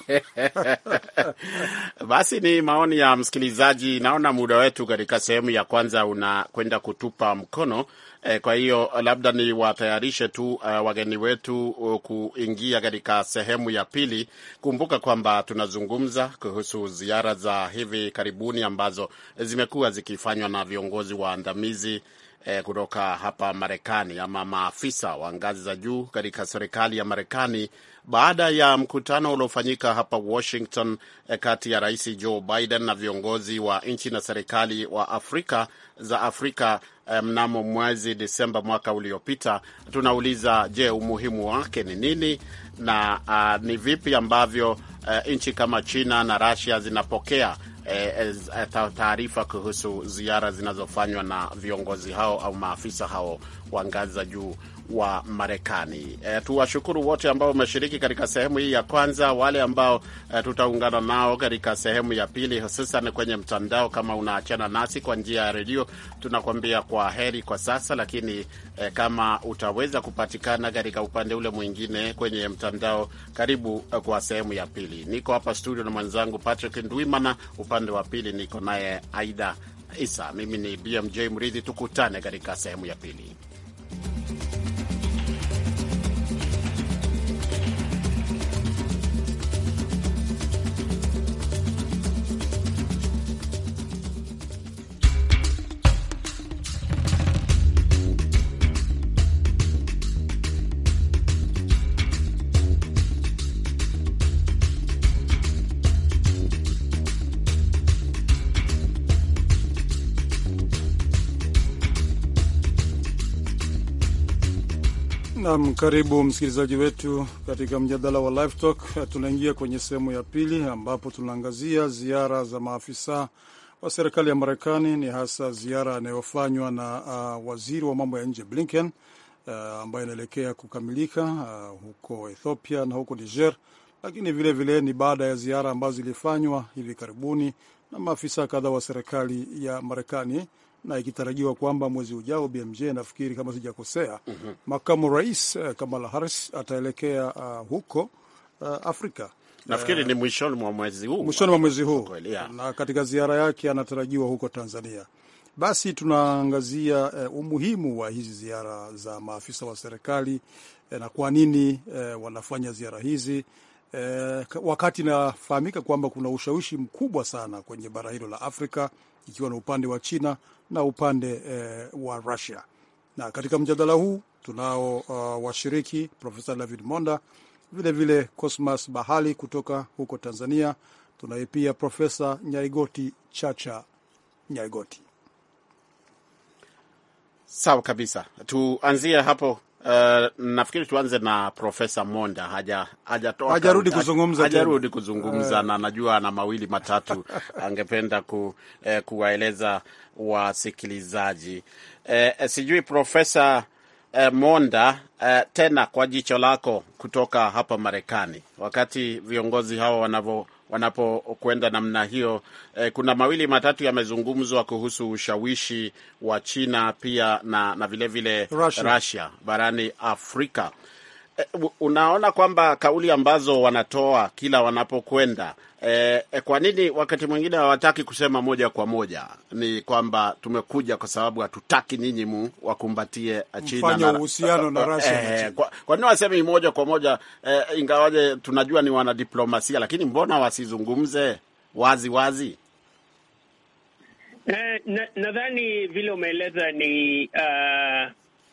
basi ni maoni ya msikilizaji. Naona muda wetu katika sehemu ya kwanza unakwenda kutupa mkono Eh, kwa hiyo labda ni watayarishe tu uh, wageni wetu uh, kuingia katika sehemu ya pili. Kumbuka kwamba tunazungumza kuhusu ziara za hivi karibuni ambazo zimekuwa zikifanywa na viongozi waandamizi E, kutoka hapa Marekani ama maafisa wa ngazi za juu katika serikali ya Marekani baada ya mkutano uliofanyika hapa Washington eh, kati ya Rais Joe Biden na viongozi wa nchi na serikali wa Afrika za Afrika eh, mnamo mwezi Desemba mwaka uliopita. Tunauliza, je, umuhimu wake ni nini na uh, ni vipi ambavyo uh, nchi kama China na Russia zinapokea taarifa kuhusu ziara zinazofanywa na viongozi hao au maafisa hao wa ngazi za juu wa Marekani. E, tuwashukuru wote ambao wameshiriki katika sehemu hii ya kwanza, wale ambao e, tutaungana nao katika sehemu ya pili, hususan kwenye mtandao. Kama unaachana nasi kwa njia ya redio, tunakuambia kwa heri kwa sasa, lakini e, kama utaweza kupatikana katika upande ule mwingine kwenye mtandao, karibu kwa sehemu ya pili. Niko hapa studio na mwenzangu Patrick Ndwimana, upande wa pili niko naye Aida Isa. Mimi ni BMJ Mridhi, tukutane katika sehemu ya pili. Nam, karibu msikilizaji wetu katika mjadala wa Live Talk. Tunaingia kwenye sehemu ya pili ambapo tunaangazia ziara za maafisa wa serikali ya Marekani, ni hasa ziara inayofanywa na uh, waziri wa mambo ya nje Blinken uh, ambayo inaelekea kukamilika uh, huko Ethiopia na huko Niger, lakini vilevile vile ni baada ya ziara ambazo zilifanywa hivi karibuni na maafisa kadhaa wa serikali ya Marekani na ikitarajiwa kwamba mwezi ujao, BMJ nafikiri kama sijakosea, mm -hmm. makamu rais eh, Kamala Harris ataelekea uh, huko uh, Afrika nafikiri eh, ni mwishoni mwa mwezi huu, mwishoni mwa mwezi huu, na katika ziara yake anatarajiwa huko Tanzania. Basi tunaangazia uh, umuhimu wa hizi ziara za maafisa wa serikali uh, na kwa nini uh, wanafanya ziara hizi uh, wakati inafahamika kwamba kuna ushawishi mkubwa sana kwenye bara hilo la Afrika, ikiwa na upande wa China na upande eh, wa Russia. Na katika mjadala huu tunao uh, washiriki Profesa David Monda, vilevile vile Cosmas Bahali kutoka huko Tanzania. Tunaye pia Profesa Nyaigoti Chacha Nyaigoti. Sawa kabisa, tuanzie hapo Uh, nafikiri tuanze na Profesa Monda haja hajarudi kuzungumza, hajarudi eh. kuzungumza na najua ana mawili matatu angependa ku, eh, kuwaeleza wasikilizaji eh, eh, sijui Profesa eh, Monda eh, tena kwa jicho lako kutoka hapa Marekani wakati viongozi hao wanavyo wanapokwenda namna hiyo. E, kuna mawili matatu yamezungumzwa kuhusu ushawishi wa China pia na, na vilevile Russia. Russia barani Afrika. E, unaona kwamba kauli ambazo wanatoa kila wanapokwenda eh, eh, kwa nini wakati mwingine hawataki kusema moja kwa moja? Ni kwamba tumekuja kwa sababu hatutaki ninyi mu wakumbatie China na uhusiano na eh, Russia. Eh, kwa, kwa nini wasemi moja kwa moja eh, ingawaje tunajua ni wanadiplomasia, lakini mbona wasizungumze wazi wazi? Eh, nadhani na vile umeeleza ni uh,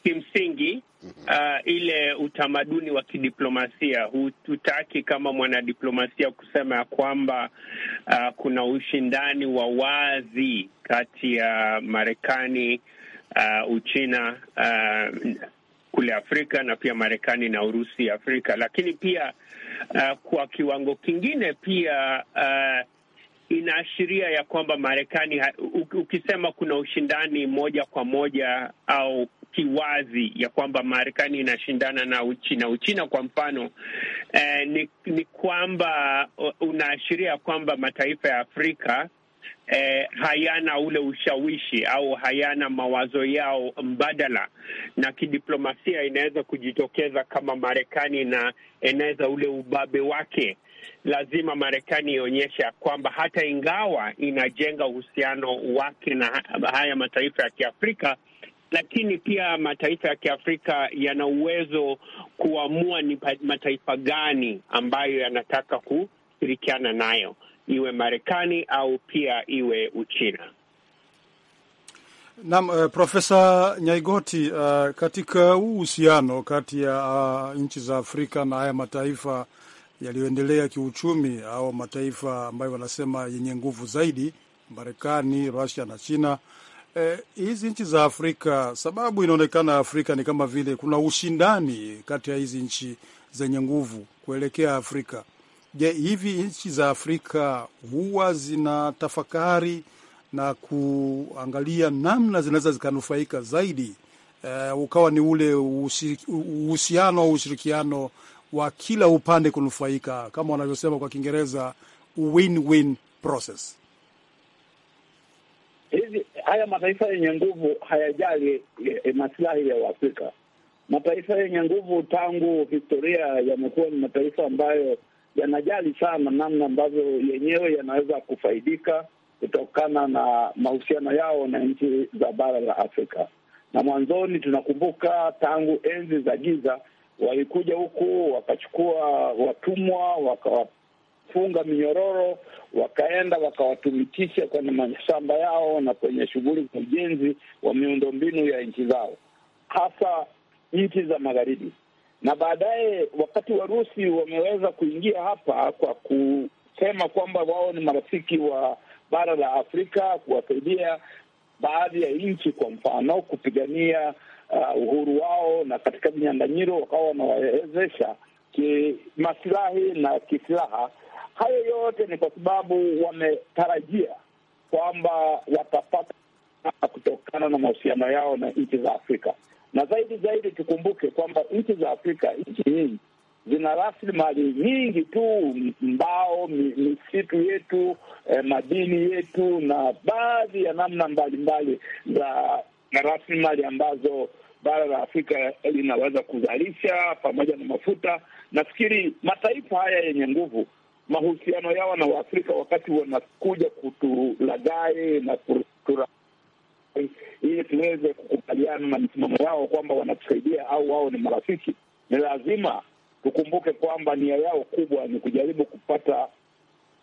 kimsingi mhm. uh, ile utamaduni wa kidiplomasia hututaki kama mwanadiplomasia kusema ya kwamba uh, kuna ushindani wa wazi kati ya Marekani uh, Uchina uh, kule Afrika na pia Marekani na Urusi Afrika, lakini pia uh, kwa kiwango kingine pia uh, inaashiria ya kwamba Marekani, ukisema kuna ushindani moja kwa moja au kiwazi ya kwamba Marekani inashindana na Uchina, Uchina kwa mfano eh, ni, ni kwamba unaashiria kwamba mataifa ya Afrika Eh, hayana ule ushawishi au hayana mawazo yao mbadala, na kidiplomasia inaweza kujitokeza kama Marekani inaeneza ule ubabe wake lazima Marekani ionyeshe ya kwamba hata ingawa inajenga uhusiano wake na haya mataifa ya Kiafrika, lakini pia mataifa ya Kiafrika yana uwezo kuamua ni mataifa gani ambayo yanataka kushirikiana nayo, iwe Marekani au pia iwe Uchina. Naam, uh, Profesa Nyaigoti, uh, katika huu uhusiano kati ya uh, nchi za Afrika na haya mataifa yaliyoendelea kiuchumi au mataifa ambayo wanasema yenye nguvu zaidi, Marekani, Rusia na China. E, hizi nchi za Afrika, sababu inaonekana Afrika ni kama vile kuna ushindani kati ya hizi nchi zenye nguvu kuelekea Afrika. Je, hivi nchi za Afrika huwa zina tafakari na kuangalia namna zinaweza zikanufaika zaidi? e, ukawa ni ule uhusiano au ushirikiano wa kila upande kunufaika, kama wanavyosema kwa Kiingereza win-win process. Hizi haya mataifa yenye nguvu hayajali eh, masilahi ya Waafrika. Mataifa yenye nguvu tangu historia yamekuwa ni mataifa ambayo yanajali sana namna ambavyo yenyewe yanaweza kufaidika kutokana na mahusiano yao na nchi za bara la Afrika. Na mwanzoni tunakumbuka tangu enzi za giza walikuja huku wakachukua watumwa wakawafunga minyororo, wakaenda wakawatumikisha kwenye mashamba yao na kwenye shughuli za ujenzi wa miundombinu ya nchi zao, hasa nchi za magharibi. Na baadaye wakati Warusi wameweza kuingia hapa kwa kusema kwamba wao ni marafiki wa bara la Afrika, kuwasaidia baadhi ya nchi, kwa mfano kupigania uh, uhuru wao na katika vinyang'anyiro wakawa wanawawezesha kimasilahi na kisilaha. Hayo yote ni kwa sababu wametarajia kwamba watapata kutokana na mahusiano yao na nchi za Afrika, na zaidi zaidi tukumbuke kwamba nchi za Afrika, nchi nyingi zina rasilimali nyingi tu, mbao, misitu yetu, eh, madini yetu na baadhi ya namna mbalimbali za na rasilimali ambazo bara la Afrika linaweza kuzalisha pamoja na mafuta. Nafikiri mataifa haya yenye nguvu mahusiano yao na Waafrika wakati wanakuja kutulagai na kutura ili tuweze kukubaliana na msimamo yao kwamba wanatusaidia au wao ni marafiki, ni lazima tukumbuke kwamba nia yao kubwa ni kujaribu kupata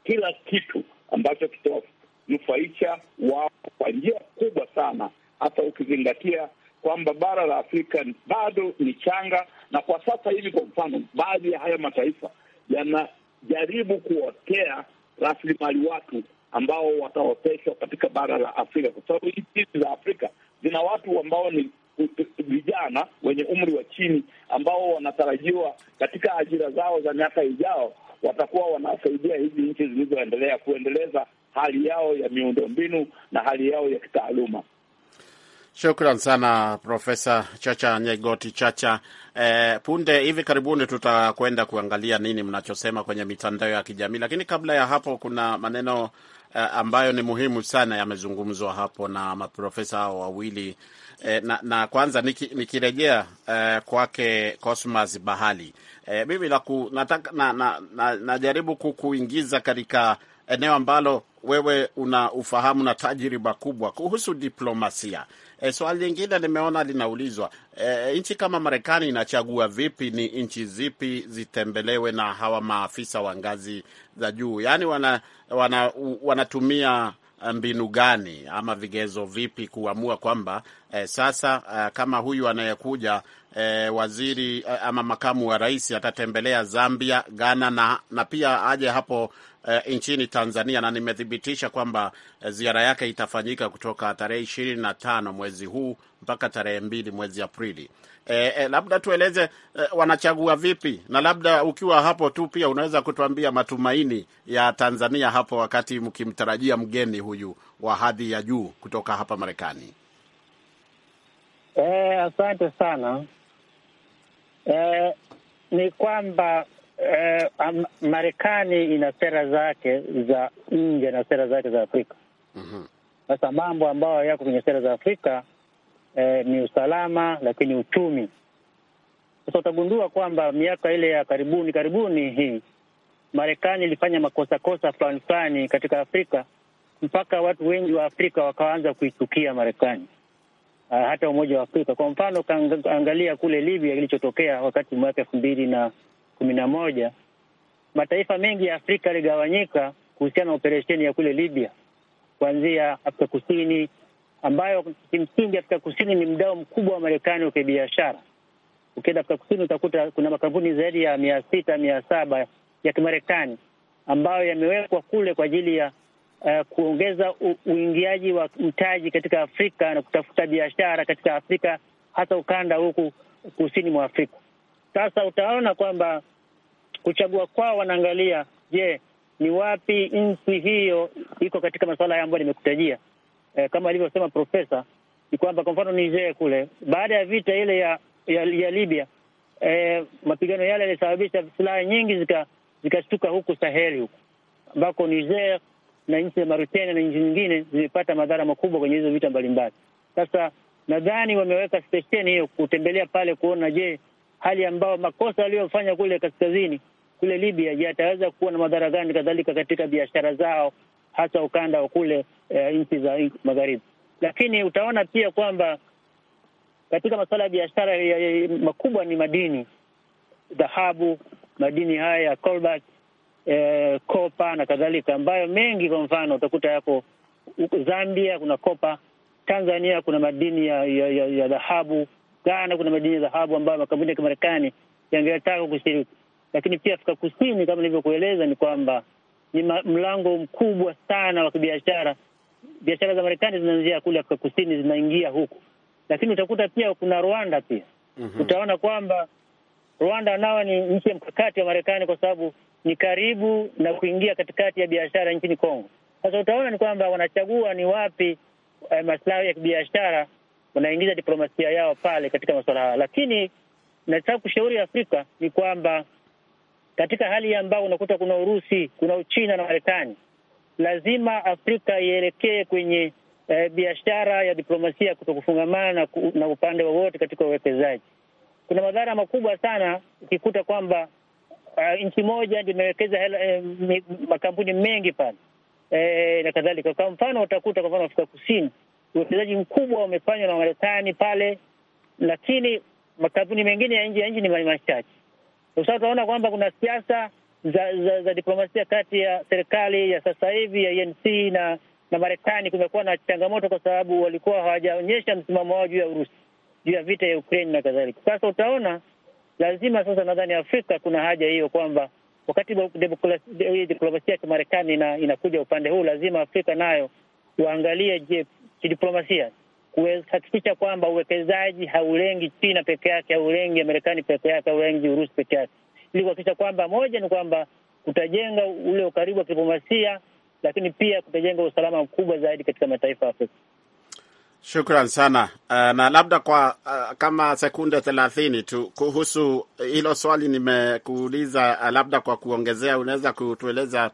kila kitu ambacho kitawanufaisha wao kwa njia kubwa sana hasa ukizingatia kwamba bara la Afrika bado ni changa, na kwa sasa hivi, kwa mfano, baadhi ya haya mataifa yanajaribu kuotea rasilimali watu ambao wataoteshwa katika bara la Afrika, kwa sababu nchi za Afrika zina watu ambao ni vijana wenye umri wa chini ambao wanatarajiwa katika ajira zao za miaka ijao watakuwa wanasaidia hizi nchi zilizoendelea kuendeleza hali yao ya miundombinu na hali yao ya kitaaluma. Shukran sana Profesa Chacha Nyegoti Chacha. Eh, punde hivi karibuni tutakwenda kuangalia nini mnachosema kwenye mitandao ya kijamii, lakini kabla ya hapo kuna maneno eh, ambayo ni muhimu sana yamezungumzwa hapo na maprofesa hao wawili eh, na, na kwanza nikirejea eh, kwake Cosmas Bahali eh, mimi najaribu na, na, na, na kukuingiza katika eneo ambalo wewe una ufahamu na tajriba kubwa kuhusu diplomasia E, swali lingine nimeona linaulizwa e, nchi kama Marekani inachagua vipi ni nchi zipi zitembelewe na hawa maafisa wa ngazi za juu, yaani wana, wana, wanatumia eh, mbinu gani ama vigezo vipi kuamua kwamba e, sasa a, kama huyu anayekuja eh, waziri eh, ama makamu wa rais atatembelea Zambia, Ghana na, na pia aje hapo eh, nchini Tanzania, na nimethibitisha kwamba eh, ziara yake itafanyika kutoka tarehe ishirini na tano mwezi huu mpaka tarehe mbili mwezi Aprili. Eh, eh, labda tueleze eh, wanachagua vipi, na labda ukiwa hapo tu pia unaweza kutuambia matumaini ya Tanzania hapo wakati mkimtarajia mgeni huyu wa hadhi ya juu kutoka hapa Marekani. Eh, asante sana eh, ni kwamba eh, Marekani ina sera zake za nje na sera zake za Afrika. Mhm. Sasa mm -hmm. mambo ambayo yako kwenye sera za Afrika eh, ni usalama, lakini uchumi. Sasa utagundua kwamba miaka ile ya karibuni karibuni hii Marekani ilifanya makosa kosa fulani fulani katika Afrika mpaka watu wengi wa Afrika wakaanza kuichukia Marekani uh, hata Umoja wa Afrika. Kwa mfano, ukaangalia kule Libya ilichotokea wakati mwaka elfu mbili na kumi na moja, mataifa mengi ya Afrika yaligawanyika kuhusiana na operesheni ya kule Libya, kuanzia Afrika Kusini ambayo kimsingi Afrika Kusini ni mdao mkubwa wa Marekani wa kibiashara. Ukienda Afrika Kusini utakuta kuna makampuni zaidi ya mia sita mia saba ya Kimarekani ambayo yamewekwa kule kwa ajili ya uh, kuongeza uingiaji wa mtaji katika Afrika na kutafuta biashara katika Afrika, hasa ukanda huku kusini mwa Afrika. Sasa utaona kwamba kuchagua kwao wanaangalia, je, ni wapi nchi hiyo iko katika masuala ambayo nimekutajia. E, kama alivyosema profesa ni kwamba kwa mfano Niger kule baada ya vita ile ya ya, ya Libya e, mapigano yale yalisababisha silaha nyingi zikashtuka zika huku Saheli huku ambako Niger na nchi ya Mauritania na nchi nyingine zimepata madhara makubwa kwenye hizo vita mbalimbali. Sasa nadhani wameweka stesheni hiyo kutembelea pale kuona, je, hali ambayo makosa waliyofanya kule kaskazini kule Libya, je, ataweza kuwa na madhara gani kadhalika katika biashara zao, hasa ukanda wa kule e, nchi za magharibi. Lakini utaona pia kwamba katika masuala ya biashara makubwa ni madini, dhahabu, madini haya ya cobalt eh, kopa na kadhalika, ambayo mengi kwa mfano utakuta yako Zambia kuna kopa, Tanzania kuna madini ya ya, ya, ya dhahabu, Ghana kuna madini ya dhahabu ambayo makampuni ya Kimarekani yangetaka kushiriki. Lakini pia Afrika Kusini kama nilivyokueleza ni kwamba ni mlango mkubwa sana wa kibiashara. Biashara za Marekani zinaanzia kule Afrika Kusini, zinaingia huku, lakini utakuta pia kuna Rwanda pia mm -hmm. Utaona kwamba Rwanda nao ni nchi ya mkakati wa Marekani kwa sababu ni karibu na kuingia katikati ya biashara nchini Kongo. Sasa utaona ni kwamba wanachagua ni wapi eh, maslahi ya kibiashara, wanaingiza diplomasia yao pale katika masuala hayo. Lakini nataka kushauri Afrika ni kwamba katika hali ambayo unakuta kuna Urusi, kuna Uchina na Marekani, lazima Afrika ielekee kwenye eh, biashara ya diplomasia, kutokufungamana na, na upande wowote katika uwekezaji. Kuna madhara makubwa sana ukikuta kwamba uh, nchi moja ndio imewekeza hela eh, makampuni mengi pale eh, na kadhalika. Kwa mfano utakuta kwa mfano Afrika Kusini uwekezaji mkubwa umefanywa na marekani pale, lakini makampuni mengine ya nje ya nchi ni machache. Sasa utaona kwamba kuna siasa za, za, za diplomasia kati ya serikali ya sasa hivi ya e nc na na Marekani. Kumekuwa na changamoto kwa sababu walikuwa hawajaonyesha msimamo wao juu ya Urusi, juu ya vita ya Ukraine na kadhalika. Sasa utaona lazima sasa, nadhani Afrika kuna haja hiyo kwamba wakati diplomasia ya Kimarekani ina, inakuja upande huu, lazima Afrika nayo waangalie je, kidiplomasia kuhakikisha kwamba uwekezaji haulengi China peke yake, haulengi Marekani peke yake, haulengi Urusi peke yake, ili kuhakikisha kwamba moja ni kwamba kutajenga ule ukaribu wa kidiplomasia, lakini pia kutajenga usalama mkubwa zaidi katika mataifa ya Afrika. Shukran sana uh, na labda kwa uh, kama sekunde thelathini tu kuhusu hilo swali nimekuuliza. Uh, labda kwa kuongezea, unaweza kutueleza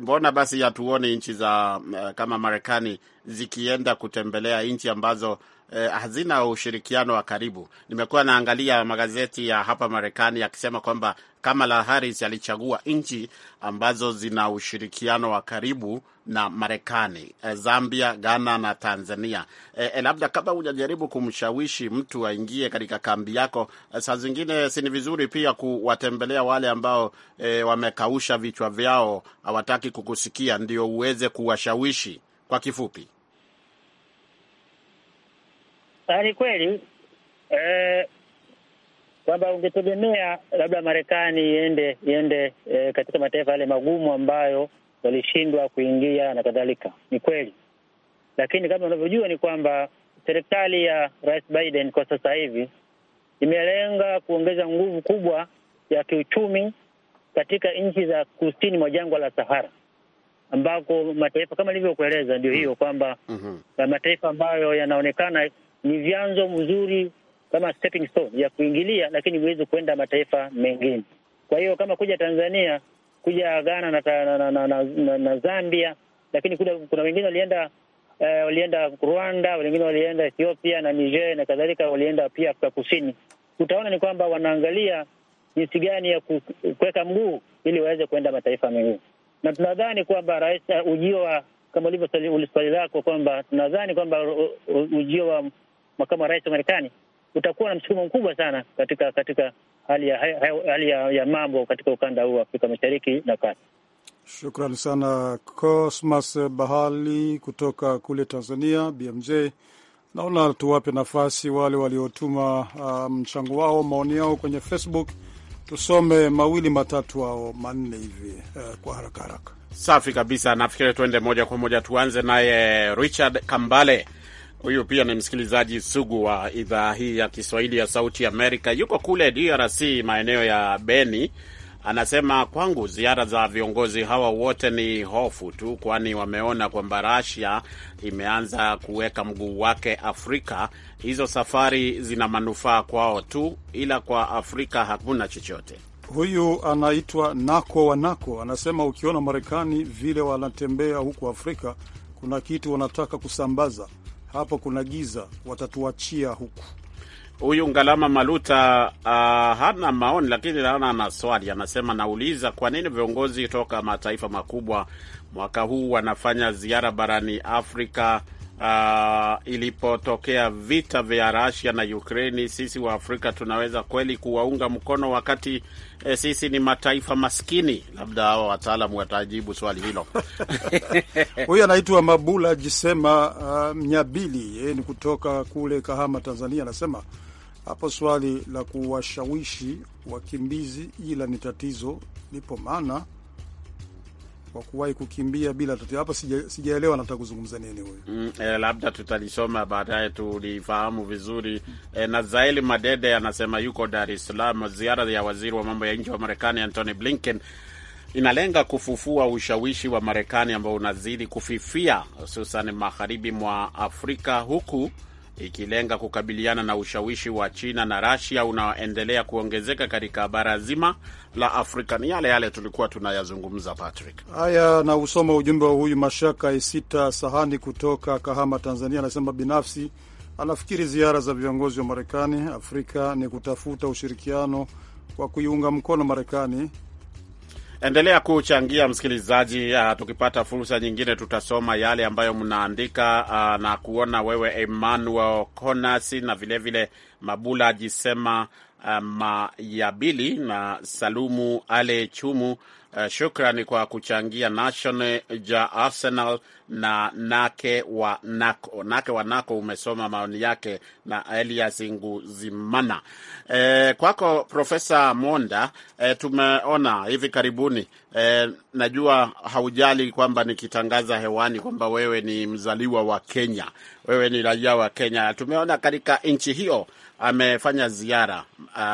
mbona basi hatuoni nchi za uh, kama Marekani zikienda kutembelea nchi ambazo uh, hazina ushirikiano wa karibu? Nimekuwa naangalia magazeti ya hapa Marekani yakisema kwamba Kamala Harris alichagua nchi ambazo zina ushirikiano wa karibu na Marekani, eh, Zambia, Ghana na Tanzania. E, e, labda kabla hujajaribu kumshawishi mtu aingie katika kambi yako, saa zingine si ni vizuri pia kuwatembelea wale ambao e, wamekausha vichwa vyao, hawataki kukusikia, ndio uweze kuwashawishi. Kwa kifupi, ah, ni kweli eh kwamba ungetegemea labda Marekani iende iende e, katika mataifa yale magumu ambayo walishindwa kuingia na kadhalika. Ni kweli, lakini kama unavyojua ni kwamba serikali ya Rais Biden kwa sasa hivi imelenga kuongeza nguvu kubwa ya kiuchumi katika nchi za kusini mwa jangwa la Sahara, ambako mataifa kama ilivyokueleza ndio hiyo mm. kwamba mm -hmm. mataifa ambayo yanaonekana ni vyanzo mzuri kama stepping stone ya kuingilia, lakini huwezi kuenda mataifa mengine. Kwa hiyo kama kuja Tanzania, kuja Ghana na, na, na, na, na, na Zambia, lakini kuna, kuna wengine walienda eh, walienda Rwanda, wengine walienda Ethiopia na Niger na kadhalika, walienda pia Afrika Kusini. Utaona ni kwamba wanaangalia jinsi gani ya kuweka mguu ili waweze kuenda mataifa mengine, na tunadhani kwamba rais eh, ujio wa kama ulivyo swali lako kwamba tunadhani kwamba uh, uh, ujio wa makamu wa rais wa Marekani utakuwa na msukumo mkubwa sana katika katika hali ya, hali ya, ya mambo katika ukanda huu wa Afrika Mashariki na Kati. Shukran sana Cosmas Bahali kutoka kule Tanzania. BMJ, naona tuwape nafasi wale waliotuma uh, mchango um, wao maoni yao kwenye Facebook. Tusome mawili matatu ao manne hivi uh, kwa haraka haraka. Safi kabisa, nafikiri tuende moja kwa moja, tuanze naye Richard Kambale Huyu pia ni msikilizaji sugu wa idhaa hii ya Kiswahili ya Sauti Amerika, yuko kule DRC maeneo ya Beni. Anasema kwangu ziara za viongozi hawa wote ni hofu tu, kwani wameona kwamba Russia imeanza kuweka mguu wake Afrika. Hizo safari zina manufaa kwao tu, ila kwa Afrika hakuna chochote. Huyu anaitwa Nako Wanako, anasema ukiona Marekani vile wanatembea huku Afrika, kuna kitu wanataka kusambaza hapo kuna giza, watatuachia huku. Huyu Ngalama Maluta uh, hana maoni, lakini naona ana swali. Anasema, nauliza kwa nini viongozi toka mataifa makubwa mwaka huu wanafanya ziara barani Afrika uh, ilipotokea vita vya Russia na Ukraini, sisi wa Afrika tunaweza kweli kuwaunga mkono wakati e, sisi ni mataifa maskini. Labda hawa wataalamu watajibu swali hilo. Huyu anaitwa Mabula Jisema uh, Mnyabili, e, ni kutoka kule Kahama, Tanzania. Anasema hapo swali la kuwashawishi wakimbizi, ila ni tatizo lipo, maana kwa kuwahi kukimbia bila tatizo. Hapa sijaelewa nataka kuzungumza nini huyu. Mm, eh, labda tutalisoma baadaye tulifahamu vizuri. Eh, zael Madede anasema yuko Dar es Salaam. Ziara ya waziri wa mambo ya nje wa Marekani Antony Blinken inalenga kufufua ushawishi wa Marekani ambao unazidi kufifia hususan magharibi mwa Afrika huku ikilenga kukabiliana na ushawishi wa China na Rasia unaoendelea kuongezeka katika bara zima la Afrika. Ni yale yale tulikuwa tunayazungumza, Patrick. Haya, na usoma ujumbe wa huyu Mashaka Isita Sahani kutoka Kahama, Tanzania, anasema binafsi anafikiri ziara za viongozi wa Marekani Afrika ni kutafuta ushirikiano kwa kuiunga mkono Marekani Endelea kuchangia msikilizaji. Uh, tukipata fursa nyingine tutasoma yale ambayo mnaandika uh, na kuona wewe Emmanuel Konasi na vilevile Mabula ajisema uh, Mayabili na Salumu Ale Chumu Eh, shukrani kwa kuchangia Nation ja Arsenal na nake wa nako, nake wa nako umesoma maoni yake na Elias Nguzimana. E, kwako Profesa Monda. E, tumeona hivi karibuni e, najua haujali kwamba nikitangaza hewani kwamba wewe ni mzaliwa wa Kenya, wewe ni raia wa Kenya. Tumeona katika nchi hiyo amefanya ziara a,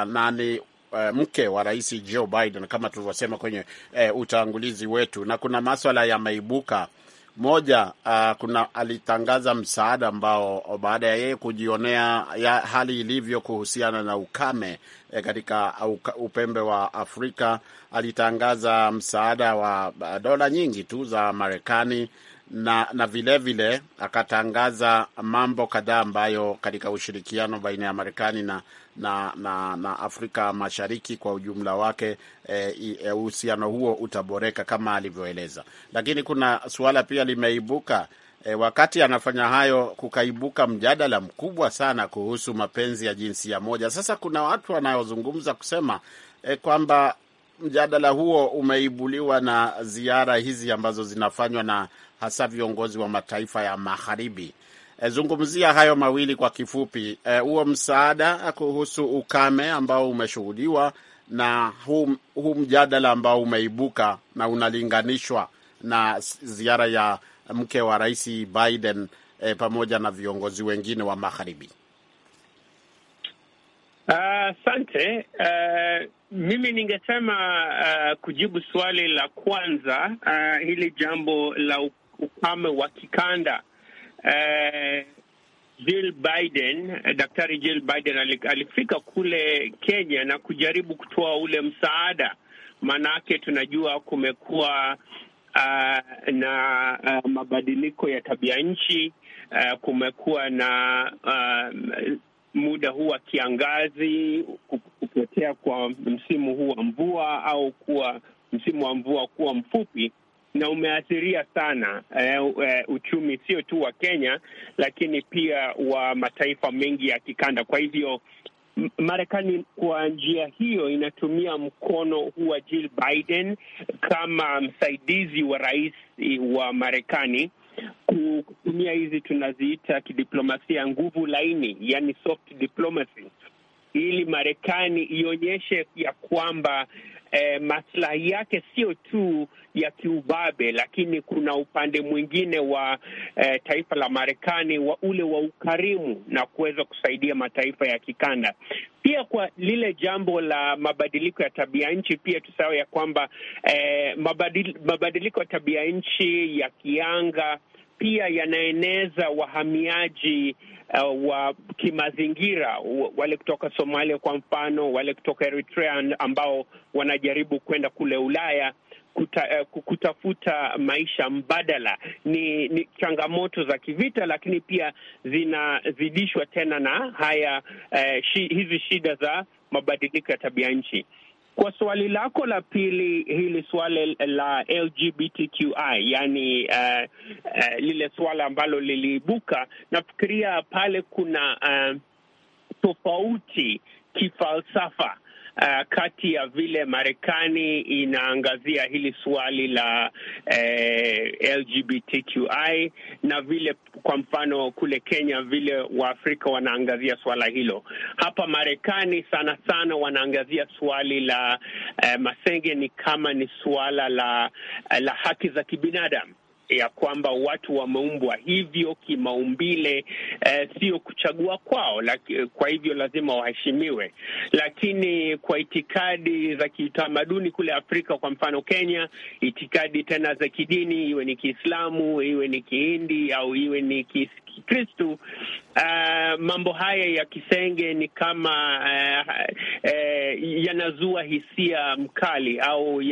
ah, na ni uh, mke wa rais Joe Biden kama tulivyosema kwenye uh, utangulizi wetu, na kuna maswala yameibuka. Moja, uh, kuna alitangaza msaada ambao baada ya yeye kujionea ya hali ilivyo kuhusiana na ukame eh, katika uh, upembe wa Afrika alitangaza msaada wa ah, dola nyingi tu za Marekani na, na vile vile akatangaza mambo kadhaa ambayo katika ushirikiano baina ya Marekani na, na, na, na Afrika Mashariki kwa ujumla wake e, e, uhusiano e, e, huo utaboreka kama alivyoeleza. Lakini kuna suala pia limeibuka e, wakati anafanya hayo, kukaibuka mjadala mkubwa sana kuhusu mapenzi ya jinsia moja. Sasa kuna watu wanaozungumza kusema e, kwamba mjadala huo umeibuliwa na ziara hizi ambazo zinafanywa na hasa viongozi wa mataifa ya magharibi. Eh, zungumzia hayo mawili kwa kifupi, eh, huo e, msaada kuhusu ukame ambao umeshuhudiwa na huu, hu mjadala ambao umeibuka na unalinganishwa na ziara ya mke wa Rais Biden e, pamoja na viongozi wengine wa magharibi. Asante. Uh, uh, mimi ningesema uh, kujibu swali la kwanza uh, hili jambo la ukame wa kikanda eh, Jill Biden, eh, Daktari Jill Biden alifika kule Kenya na kujaribu kutoa ule msaada, maanake tunajua kumekuwa uh, na uh, mabadiliko ya tabia nchi uh, kumekuwa na uh, muda huu wa kiangazi, kupotea kwa msimu huu wa mvua au kuwa msimu wa mvua kuwa mfupi na umeathiria sana eh, eh, uchumi sio tu wa Kenya, lakini pia wa mataifa mengi ya kikanda. Kwa hivyo Marekani kwa njia hiyo inatumia mkono huu wa Jill Biden kama msaidizi wa rais wa Marekani kutumia hizi tunaziita kidiplomasia nguvu laini, yani soft diplomacy, ili Marekani ionyeshe ya kwamba eh, maslahi yake sio tu ya kiubabe, lakini kuna upande mwingine wa eh, taifa la Marekani wa ule wa ukarimu na kuweza kusaidia mataifa ya kikanda. Pia kwa lile jambo la mabadiliko ya tabia nchi, pia tusahau ya kwamba eh, mabadiliko ya tabia nchi ya kianga pia yanaeneza wahamiaji uh, wa kimazingira, wale kutoka Somalia kwa mfano, wale kutoka Eritrea ambao wanajaribu kwenda kule Ulaya kuta, uh, kutafuta maisha mbadala. Ni, ni changamoto za kivita, lakini pia zinazidishwa tena na haya uh, shi, hizi shida za mabadiliko ya tabia nchi. Kwa swali lako la pili, hili swali la LGBTQI, yani uh, uh, lile swala ambalo liliibuka, nafikiria pale kuna uh, tofauti kifalsafa uh, kati ya vile Marekani inaangazia hili suali la eh, LGBTQI na vile kwa mfano kule Kenya vile Waafrika wanaangazia suala hilo. Hapa Marekani sana sana wanaangazia swali la eh, masenge ni kama ni suala la, eh, la haki za kibinadamu ya kwamba watu wameumbwa hivyo kimaumbile, eh, sio kuchagua kwao laki, kwa hivyo lazima waheshimiwe. Lakini kwa itikadi za kiutamaduni kule Afrika, kwa mfano Kenya, itikadi tena za kidini, iwe ni Kiislamu, iwe ni Kihindi au iwe ni Kikristu, uh, mambo haya ya kisenge ni kama uh, uh, yanazua hisia mkali au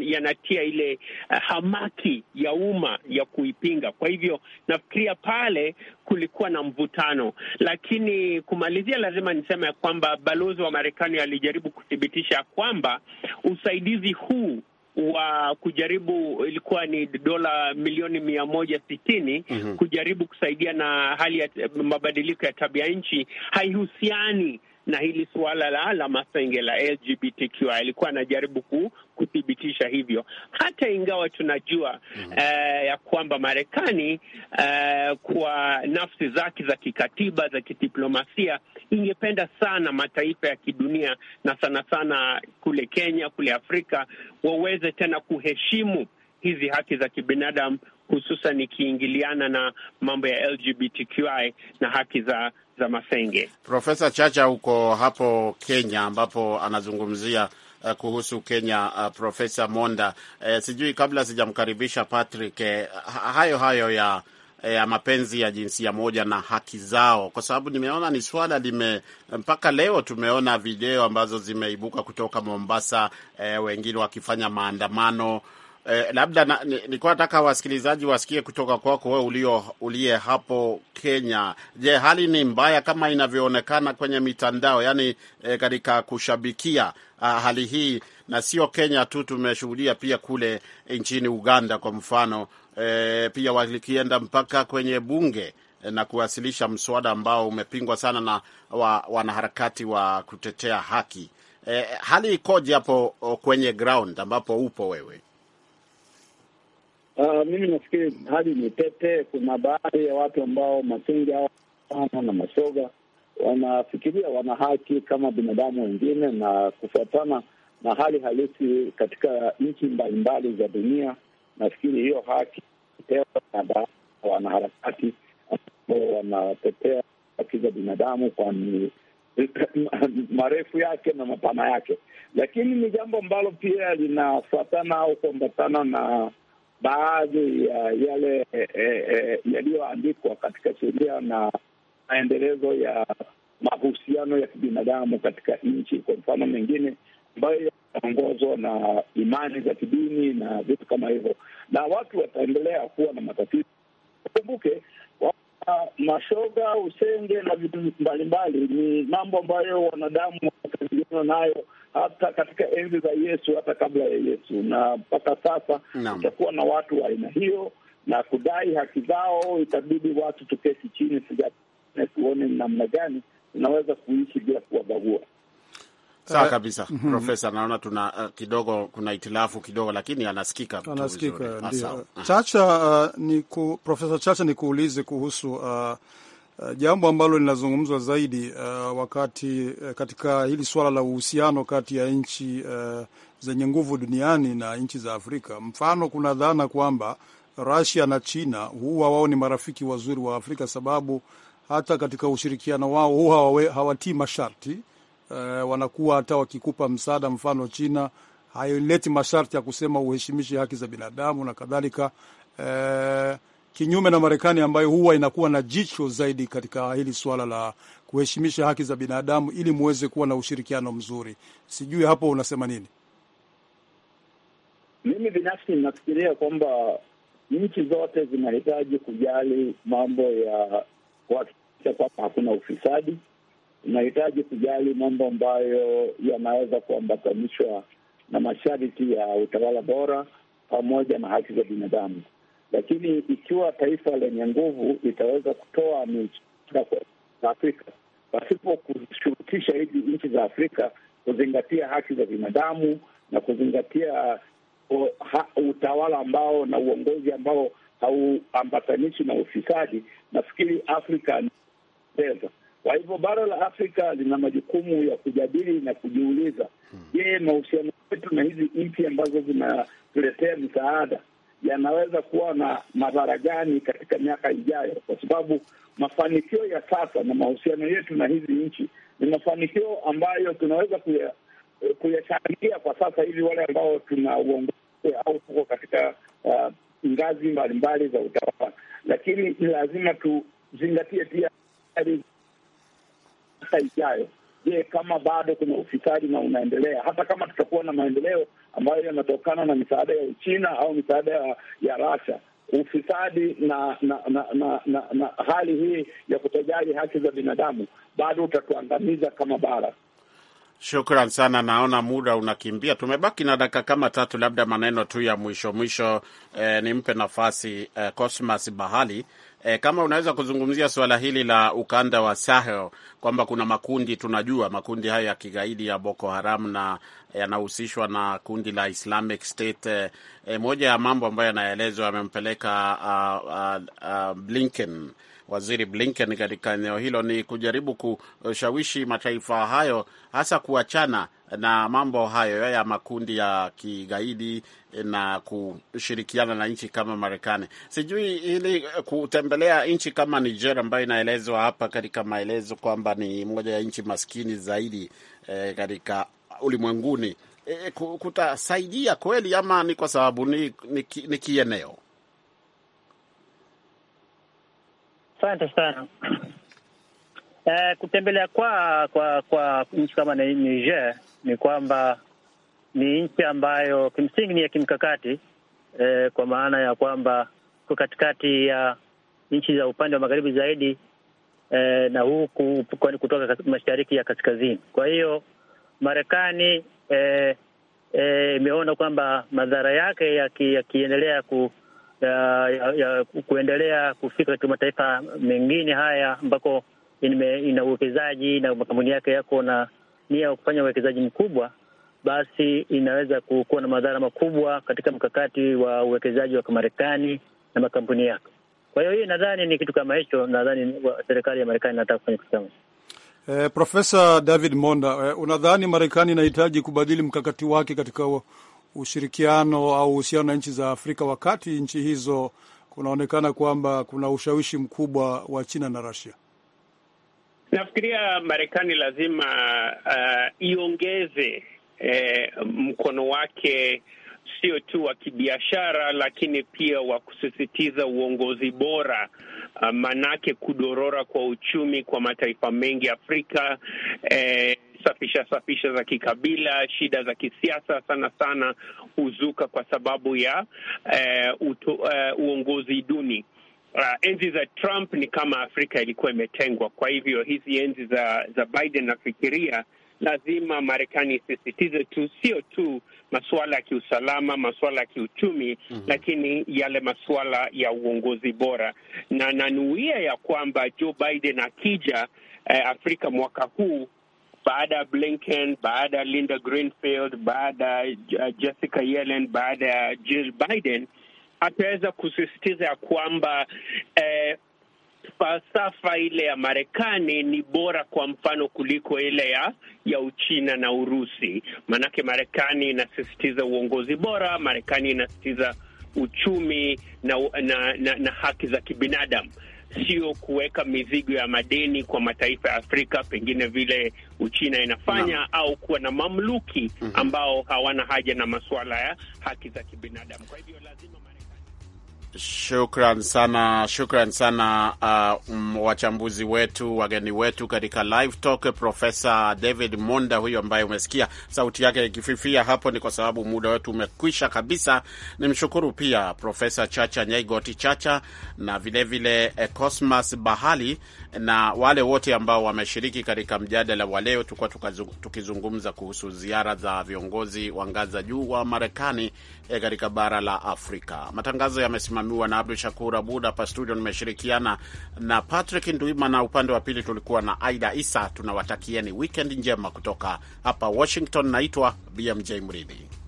yanatia ile eh, hamaki ya umma ya kuipinga. Kwa hivyo nafikiria pale kulikuwa na mvutano, lakini kumalizia, lazima niseme ya kwamba balozi wa Marekani alijaribu kuthibitisha kwamba usaidizi huu wa kujaribu ilikuwa ni dola milioni mia moja sitini mm -hmm. kujaribu kusaidia na hali ya mabadiliko ya tabia nchi haihusiani na hili suala la la masenge la lgbtq alikuwa anajaribu ku, kuthibitisha hivyo, hata ingawa tunajua mm. eh, ya kwamba Marekani eh, kwa nafsi zake za kikatiba za kidiplomasia ingependa sana mataifa ya kidunia na sana sana kule Kenya kule Afrika waweze tena kuheshimu hizi haki za kibinadamu hususan ikiingiliana na mambo ya LGBTQI na haki za za Masenge. Profesa Chacha huko hapo Kenya ambapo anazungumzia Uh, kuhusu Kenya uh, Profesa Monda uh, sijui kabla sijamkaribisha Patrick uh, hayo hayo ya ya mapenzi ya jinsia moja na haki zao, kwa sababu nimeona ni swala lime mpaka leo tumeona video ambazo zimeibuka kutoka Mombasa, e, wengine wakifanya maandamano Eh, labda nilikuwa nataka wasikilizaji wasikie kutoka kwako wewe ulio uliye hapo Kenya. Je, hali ni mbaya kama inavyoonekana kwenye mitandao, yaani eh, katika kushabikia ah, hali hii? Na sio Kenya tu, tumeshuhudia pia kule nchini Uganda kwa mfano eh, pia walikienda mpaka kwenye bunge eh, na kuwasilisha mswada ambao umepingwa sana na wa, wanaharakati wa kutetea haki. Eh, hali ikoje hapo oh, kwenye ground ambapo upo wewe? Uh, mimi nafikiri hali ni tete. Kuna baadhi ya watu ambao masingi hawana na mashoga wanafikiria wana haki kama binadamu wengine, na kufuatana na hali halisi katika nchi mbalimbali za dunia, nafikiri hiyo haki na wanaharakati ambao wanatetea haki za binadamu kwa marefu yake na mapana yake, lakini ni jambo ambalo pia linafuatana au kuambatana na baadhi ya yale e, e, yaliyoandikwa katika sheria na maendelezo ya mahusiano ya kibinadamu katika nchi, kwa mfano mengine ambayo yanaongozwa na imani za kidini na vitu kama hivyo, na watu wataendelea kuwa na matatizo. Kumbuke mashoga, usenge na vitu mbalimbali ni mambo ambayo wanadamu watakabiliana nayo hata katika enzi za Yesu, hata kabla ya Yesu, na mpaka sasa utakuwa na watu wa aina hiyo, na kudai haki zao itabidi watu tuketi chini, tujadiliane, tuone namna gani tunaweza kuishi bila kuwabagua. Sawa eh, kabisa mm -hmm. Profesa, naona tuna uh, kidogo kuna itilafu kidogo, lakini anasikika anasikika. Chacha, uh, ni ku, Profesa Chacha, ni kuulize kuhusu uh, Eh, jambo ambalo linazungumzwa zaidi uh, wakati uh, katika hili swala la uhusiano kati ya nchi uh, zenye nguvu duniani na nchi za Afrika. Mfano, kuna dhana kwamba Russia na China huwa wao ni marafiki wazuri wa Afrika, sababu hata katika ushirikiano wao huwa hawatii masharti uh, wanakuwa hata wakikupa msaada, mfano China haileti masharti ya kusema uheshimishi haki za binadamu na kadhalika uh, kinyume na Marekani ambayo huwa inakuwa na jicho zaidi katika hili suala la kuheshimisha haki za binadamu ili muweze kuwa na ushirikiano mzuri. Sijui hapo unasema nini? Mimi binafsi nafikiria kwamba nchi zote zinahitaji kujali mambo ya kuhakikisha kwamba hakuna ufisadi. Inahitaji kujali mambo ambayo yanaweza kuambatanishwa na masharti ya utawala bora pamoja na haki za binadamu lakini ikiwa taifa lenye nguvu litaweza kutoa misaada kwa Afrika pasipo kushurutisha hizi nchi za Afrika kuzingatia haki za binadamu na kuzingatia uh, ha, utawala ambao na uongozi ambao hauambatanishi na ufisadi, nafikiri Afrika eza. Kwa hivyo bara la Afrika lina majukumu ya kujadili na kujiuliza, hmm. je, hmm, mahusiano yetu na hizi nchi ambazo zinatuletea misaada yanaweza kuwa na madhara gani katika miaka ijayo, kwa sababu mafanikio ya sasa na mahusiano yetu na hizi nchi ni mafanikio ambayo tunaweza kuya kuyashangilia kwa sasa hivi, wale ambao tuna uongozi au tuko katika uh, ngazi mbalimbali za utawala, lakini ni lazima tuzingatie pia ijayo Je, kama bado kuna ufisadi na unaendelea, hata kama tutakuwa na maendeleo ambayo yanatokana na misaada ya Uchina au misaada ya, ya Rasha, ufisadi na na na, na na na hali hii ya kutojali haki za binadamu bado utatuangamiza kama bara. Shukran sana, naona muda unakimbia, tumebaki na dakika kama tatu, labda maneno tu ya mwisho mwisho. Eh, nimpe nafasi e, Cosmas Bahali e, kama unaweza kuzungumzia suala hili la ukanda wa Sahel kwamba kuna makundi, tunajua makundi hayo ya kigaidi ya Boko Haram na yanahusishwa na kundi la Islamic State. E, moja ya mambo ambayo yanaelezwa yamempeleka uh, uh, uh, Blinken waziri Blinken katika eneo hilo ni kujaribu kushawishi mataifa hayo hasa kuachana na mambo hayo ya makundi ya kigaidi na kushirikiana na nchi kama Marekani. Sijui ili kutembelea nchi kama Niger ambayo inaelezwa hapa katika maelezo kwamba ni moja ya nchi maskini zaidi e, katika ulimwenguni e, kutasaidia kweli ama ni kwa sababu ni, ni, ni kieneo Asante sana. Eh, kutembelea kwa kwa kwa nchi kama Niger ni kwamba ni nchi ambayo kimsingi ni ya kimkakati eh, kwa maana ya kwamba kwa katikati ya nchi za upande wa magharibi zaidi eh, na huku kwani kutoka mashariki ya kaskazini. Kwa hiyo Marekani imeona eh, eh, kwamba madhara yake yakiendelea ya ku, ya, ya, ya kuendelea kufika katika mataifa mengine haya ambako ina uwekezaji na makampuni yake yako na nia ya kufanya uwekezaji mkubwa, basi inaweza kuwa na madhara makubwa katika mkakati wa uwekezaji wa kimarekani na makampuni yake. Kwa hiyo hii nadhani ni kitu kama hicho, nadhani serikali ya Marekani inataka kufanya kitu kama eh. Profesa David Monda, eh, unadhani Marekani inahitaji kubadili mkakati wake katika ushirikiano au uhusiano na nchi za Afrika, wakati nchi hizo kunaonekana kwamba kuna ushawishi mkubwa wa China na Russia? Nafikiria Marekani lazima uh, iongeze eh, mkono wake sio tu wa kibiashara lakini pia wa kusisitiza uongozi bora. Uh, manake kudorora kwa uchumi kwa mataifa mengi Afrika eh, safisha safisha za kikabila, shida za kisiasa sana sana huzuka kwa sababu ya eh, utu, eh, uongozi duni. Uh, enzi za Trump ni kama Afrika ilikuwa imetengwa. Kwa hivyo hizi enzi za za Biden nafikiria lazima Marekani isisitize tu, sio tu masuala ya kiusalama, masuala ya kiuchumi mm -hmm. Lakini yale masuala ya uongozi bora, na nanuia ya kwamba Joe Biden akija eh, Afrika mwaka huu baada ya Blinken, baada ya Linda Greenfield, baada ya Jessica Yellen, baada ya Jill Biden ataweza kusisitiza ya kwamba eh, falsafa ile ya Marekani ni bora kwa mfano kuliko ile ya ya Uchina na Urusi. Maanake Marekani inasisitiza uongozi bora, Marekani inasisitiza uchumi na, na, na, na haki za kibinadamu sio kuweka mizigo ya madeni kwa mataifa ya Afrika pengine vile Uchina inafanya na, au kuwa na mamluki mhm. ambao hawana haja na masuala ya haki za kibinadamu. Kwa hivyo lazima Shukran sana, shukran sana uh, wachambuzi wetu, wageni wetu katika live talk, Profesa David Monda huyo ambaye umesikia sauti yake ikififia hapo, ni kwa sababu muda wetu umekwisha kabisa. Nimshukuru pia Profesa Chacha Nyaigoti Chacha na vilevile vile, eh, Cosmas Bahali na wale wote ambao wameshiriki katika mjadala wa leo. Tulikuwa tukizungumza kuhusu ziara za viongozi wa ngazi za juu wa Marekani e, katika bara la Afrika. Matangazo yamesimamiwa na Abdu Shakur Abud. Hapa studio nimeshirikiana na Patrick Nduima na upande wa pili tulikuwa na Aida Isa. Tunawatakieni wikend njema kutoka hapa Washington. Naitwa BMJ Mridhi.